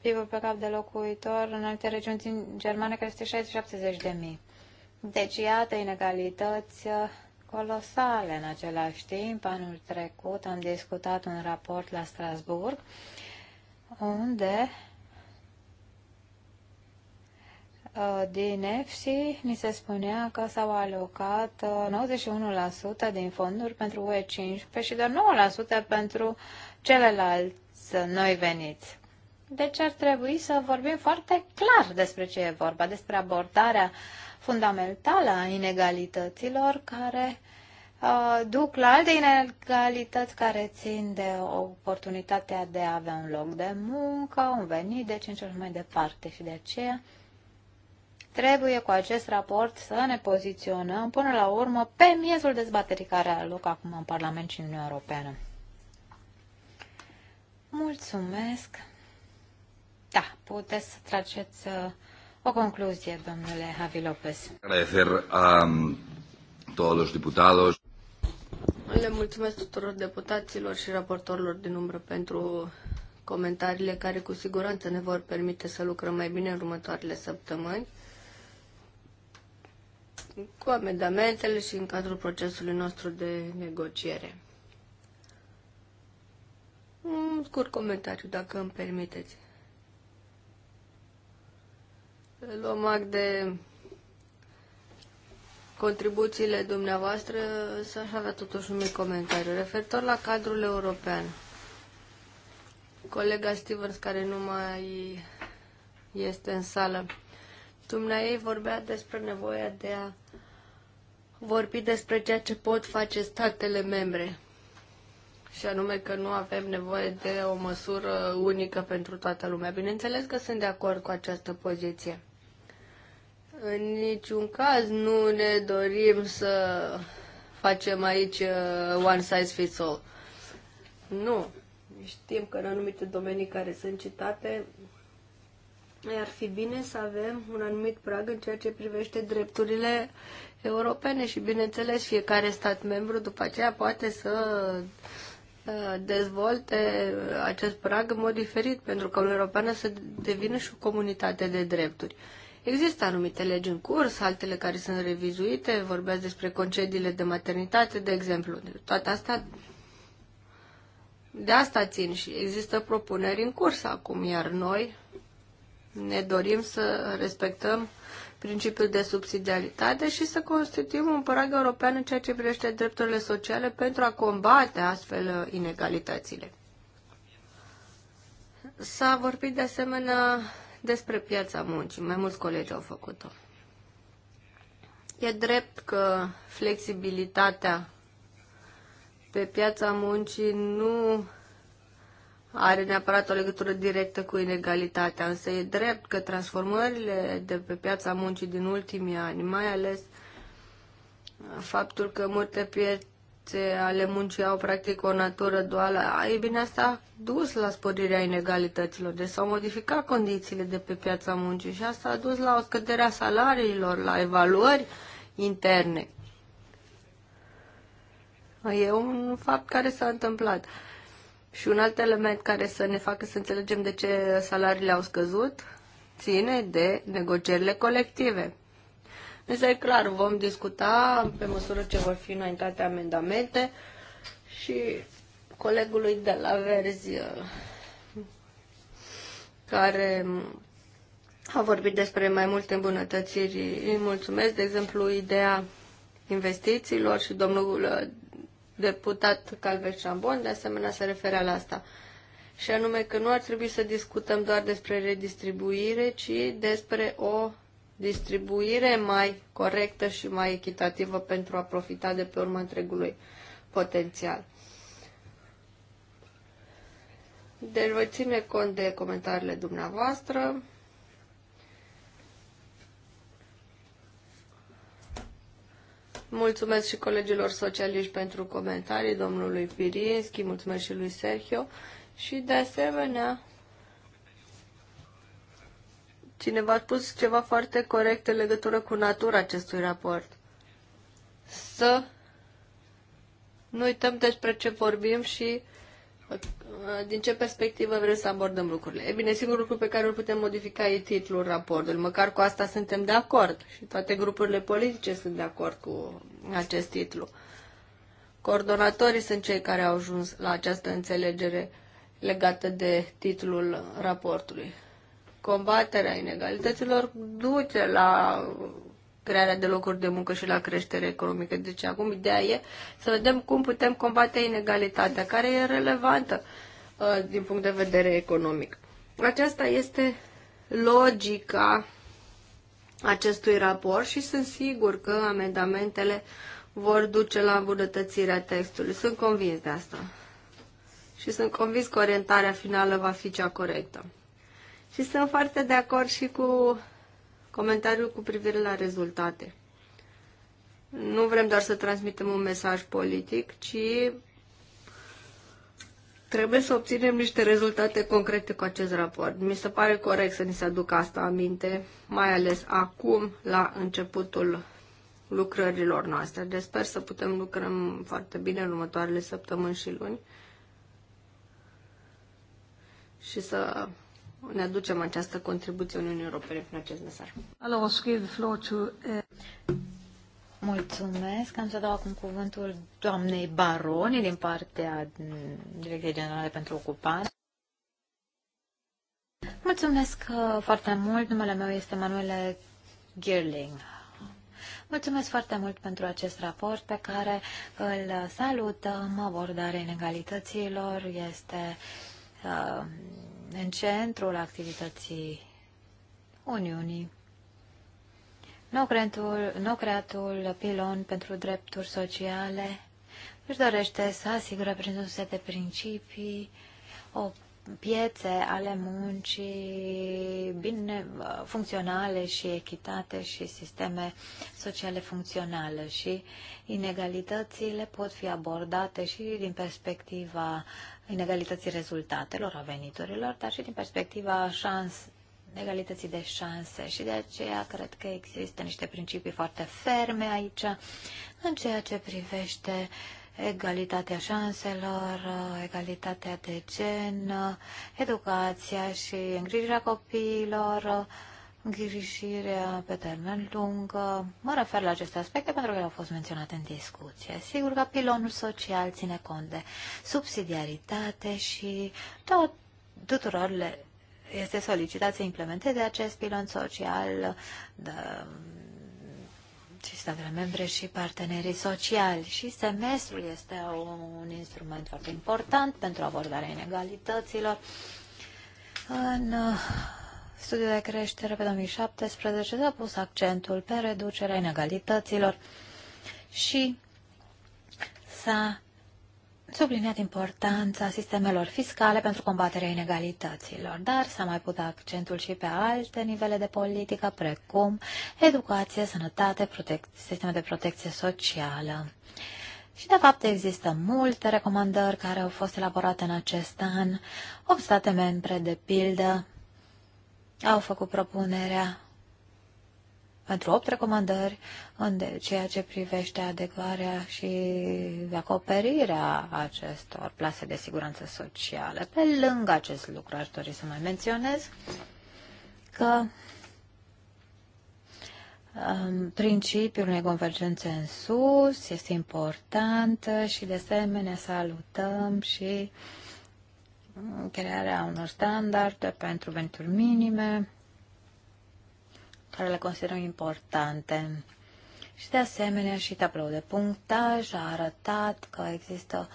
PIB-ul pe cap de locuitor în alte regiuni din Germania care este 60-70.000. Deci, iată inegalități uh, colosale în același timp. Anul trecut am discutat un raport la Strasburg unde Uh, din EFSI ni se spunea că s-au alocat 91% uh, din fonduri pentru UE15 și doar 9% pentru celelalți noi veniți. Deci ar trebui să vorbim foarte clar despre ce e vorba, despre abordarea fundamentală a inegalităților care uh, duc la alte inegalități care țin de oportunitatea de a avea un loc de muncă, un venit, deci în cel mai departe. Și de aceea Trebuie cu acest raport să ne poziționăm până la urmă pe miezul dezbaterii care are loc acum în Parlament și în Uniunea Europeană. Mulțumesc. Da, puteți să trageți uh, o concluzie, domnule Javi Lopez. Agradecer a um, Le mulțumesc tuturor deputaților și raportorilor din umbră pentru comentariile care cu siguranță ne vor permite să lucrăm mai bine în următoarele săptămâni cu amendamentele și în cadrul procesului nostru de negociere. Un scurt comentariu, dacă îmi permiteți. Luăm act de contribuțiile dumneavoastră, să aș avea totuși un mic comentariu. Referitor la cadrul european, colega Stevens, care nu mai este în sală, ei vorbea despre nevoia de a Vorbi despre ceea ce pot face statele membre. Și anume că nu avem nevoie de o măsură unică pentru toată lumea. Bineînțeles că sunt de acord cu această poziție. În niciun caz nu ne dorim să facem aici uh, one size fits all. Nu. Știm că în anumite domenii care sunt citate, ar fi bine să avem un anumit prag în ceea ce privește drepturile europene și, bineînțeles, fiecare stat membru după aceea poate să uh, dezvolte acest prag în mod diferit, pentru că Uniunea Europeană să devină și o comunitate de drepturi. Există anumite legi în curs, altele care sunt revizuite, vorbeați despre concediile de maternitate, de exemplu. Toate astea, de asta țin și există propuneri în curs acum, iar noi, ne dorim să respectăm principiul de subsidiaritate și să constituim un prag european în ceea ce privește drepturile sociale pentru a combate astfel uh, inegalitățile. S-a vorbit de asemenea despre piața muncii. Mai mulți colegi au făcut-o. E drept că flexibilitatea pe piața muncii nu are neapărat o legătură directă cu inegalitatea, însă e drept că transformările de pe piața muncii din ultimii ani, mai ales uh, faptul că multe piețe ale muncii au practic o natură duală, e bine asta a dus la sporirea inegalităților, deci s-au modificat condițiile de pe piața muncii și asta a dus la o scădere a salariilor, la evaluări interne. E un fapt care s-a întâmplat. Uh, și un alt element care să ne facă să înțelegem de ce salariile au scăzut ține de negocierile colective. Însă e clar, vom discuta pe măsură ce vor fi înaintate amendamente și colegului de la Verzi care a vorbit despre mai multe îmbunătățiri. Îi mulțumesc, de exemplu, ideea investițiilor și domnul deputat Calvet Chambon, de asemenea, se referea la asta. Și anume că nu ar trebui să discutăm doar despre redistribuire, ci despre o distribuire mai corectă și mai echitativă pentru a profita de pe urma întregului potențial. Deci voi ține cont de comentariile dumneavoastră Mulțumesc și colegilor socialiști pentru comentarii, domnului Pirinski, mulțumesc și lui Sergio. Și de asemenea, cineva a spus ceva foarte corect în legătură cu natura acestui raport. Să nu uităm despre ce vorbim și din ce perspectivă vrem să abordăm lucrurile? E bine, singurul lucru pe care îl putem modifica e titlul raportului. Măcar cu asta suntem de acord și toate grupurile politice sunt de acord cu acest titlu. Coordonatorii sunt cei care au ajuns la această înțelegere legată de titlul raportului. Combaterea inegalităților duce la crearea de locuri de muncă și la creștere economică. Deci acum ideea e să vedem cum putem combate inegalitatea, care e relevantă uh, din punct de vedere economic. Aceasta este logica acestui raport și sunt sigur că amendamentele vor duce la îmbunătățirea textului. Sunt convins de asta. Și sunt convins că orientarea finală va fi cea corectă. Și sunt foarte de acord și cu Comentariul cu privire la rezultate. Nu vrem doar să transmitem un mesaj politic, ci trebuie să obținem niște rezultate concrete cu acest raport. Mi se pare corect să ni se aducă asta aminte, mai ales acum, la începutul lucrărilor noastre. Deci sper să putem lucrăm foarte bine în următoarele săptămâni și luni și să ne aducem această contribuție Uniunii Europene prin acest mesaj. Eh, Mulțumesc. Am să dau acum cuvântul doamnei Baroni din partea Direcției Generale pentru Ocupare. Mulțumesc eh, foarte mult. Numele meu este Manuele Girling. Mulțumesc foarte mult pentru acest raport pe care îl salutăm. Abordarea inegalităților este uh, în centrul activității Uniunii. Nou creatul, nou creatul pilon pentru drepturi sociale își dorește să asigure prin un set de principii o piețe ale muncii bine funcționale și echitate și sisteme sociale funcționale și inegalitățile pot fi abordate și din perspectiva inegalității rezultatelor, a veniturilor, dar și din perspectiva șans, egalității de șanse și de aceea cred că există niște principii foarte ferme aici în ceea ce privește uh, egalitatea șanselor, egalitatea de gen, educația și îngrijirea copiilor, îngrijirea pe termen lung. Mă refer la aceste aspecte pentru că au fost menționate în discuție. Sigur că pilonul social ține cont de subsidiaritate și tot tuturor le este solicitat să implementeze acest pilon social de și statele membre și partenerii sociali. Și semestrul este un instrument foarte important pentru abordarea inegalităților. În uh, studiul de creștere pe 2017 s-a pus accentul pe reducerea inegalităților și s-a subliniat importanța sistemelor fiscale pentru combaterea inegalităților, dar s-a mai putut accentul și pe alte nivele de politică, precum educație, sănătate, sisteme de protecție socială. Și, de fapt, există multe recomandări care au fost elaborate în acest an. 8 state membre, de pildă, au făcut propunerea pentru 8 recomandări în ceea ce privește adecvarea și acoperirea acestor plase de siguranță socială. Pe lângă acest lucru aș dori să mai menționez că um, Principiul unei convergențe în sus este important și de asemenea salutăm și crearea unor standarde pentru venituri minime care le considerăm importante. Și de asemenea și tabloul de punctaj a arătat că există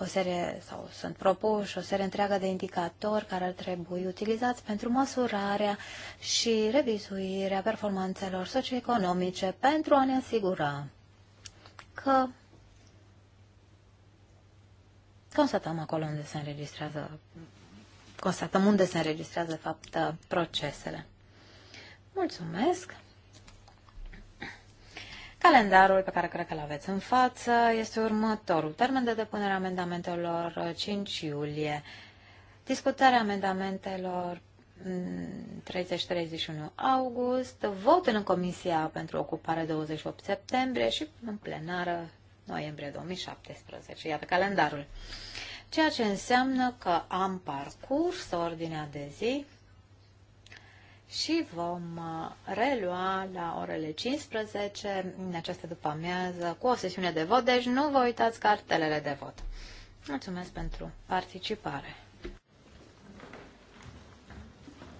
o serie, sau sunt propuși, o serie întreagă de indicatori care ar trebui utilizați pentru măsurarea și revizuirea performanțelor socioeconomice pentru a ne asigura că constatăm acolo unde se înregistrează, constatăm unde se înregistrează, de fapt, procesele. Mulțumesc! Calendarul pe care cred că l-aveți în față este următorul. Termen de depunere a amendamentelor 5 uh, iulie. Discutarea amendamentelor 30-31 mm, august, vot în Comisia pentru Ocupare 28 septembrie și în plenară noiembrie 2017. Iată calendarul. Ceea ce înseamnă că am parcurs ordinea de zi și vom uh, relua la orele 15 în această după-amiază cu o sesiune de vot, deci nu vă uitați cartelele de vot. Mulțumesc pentru participare!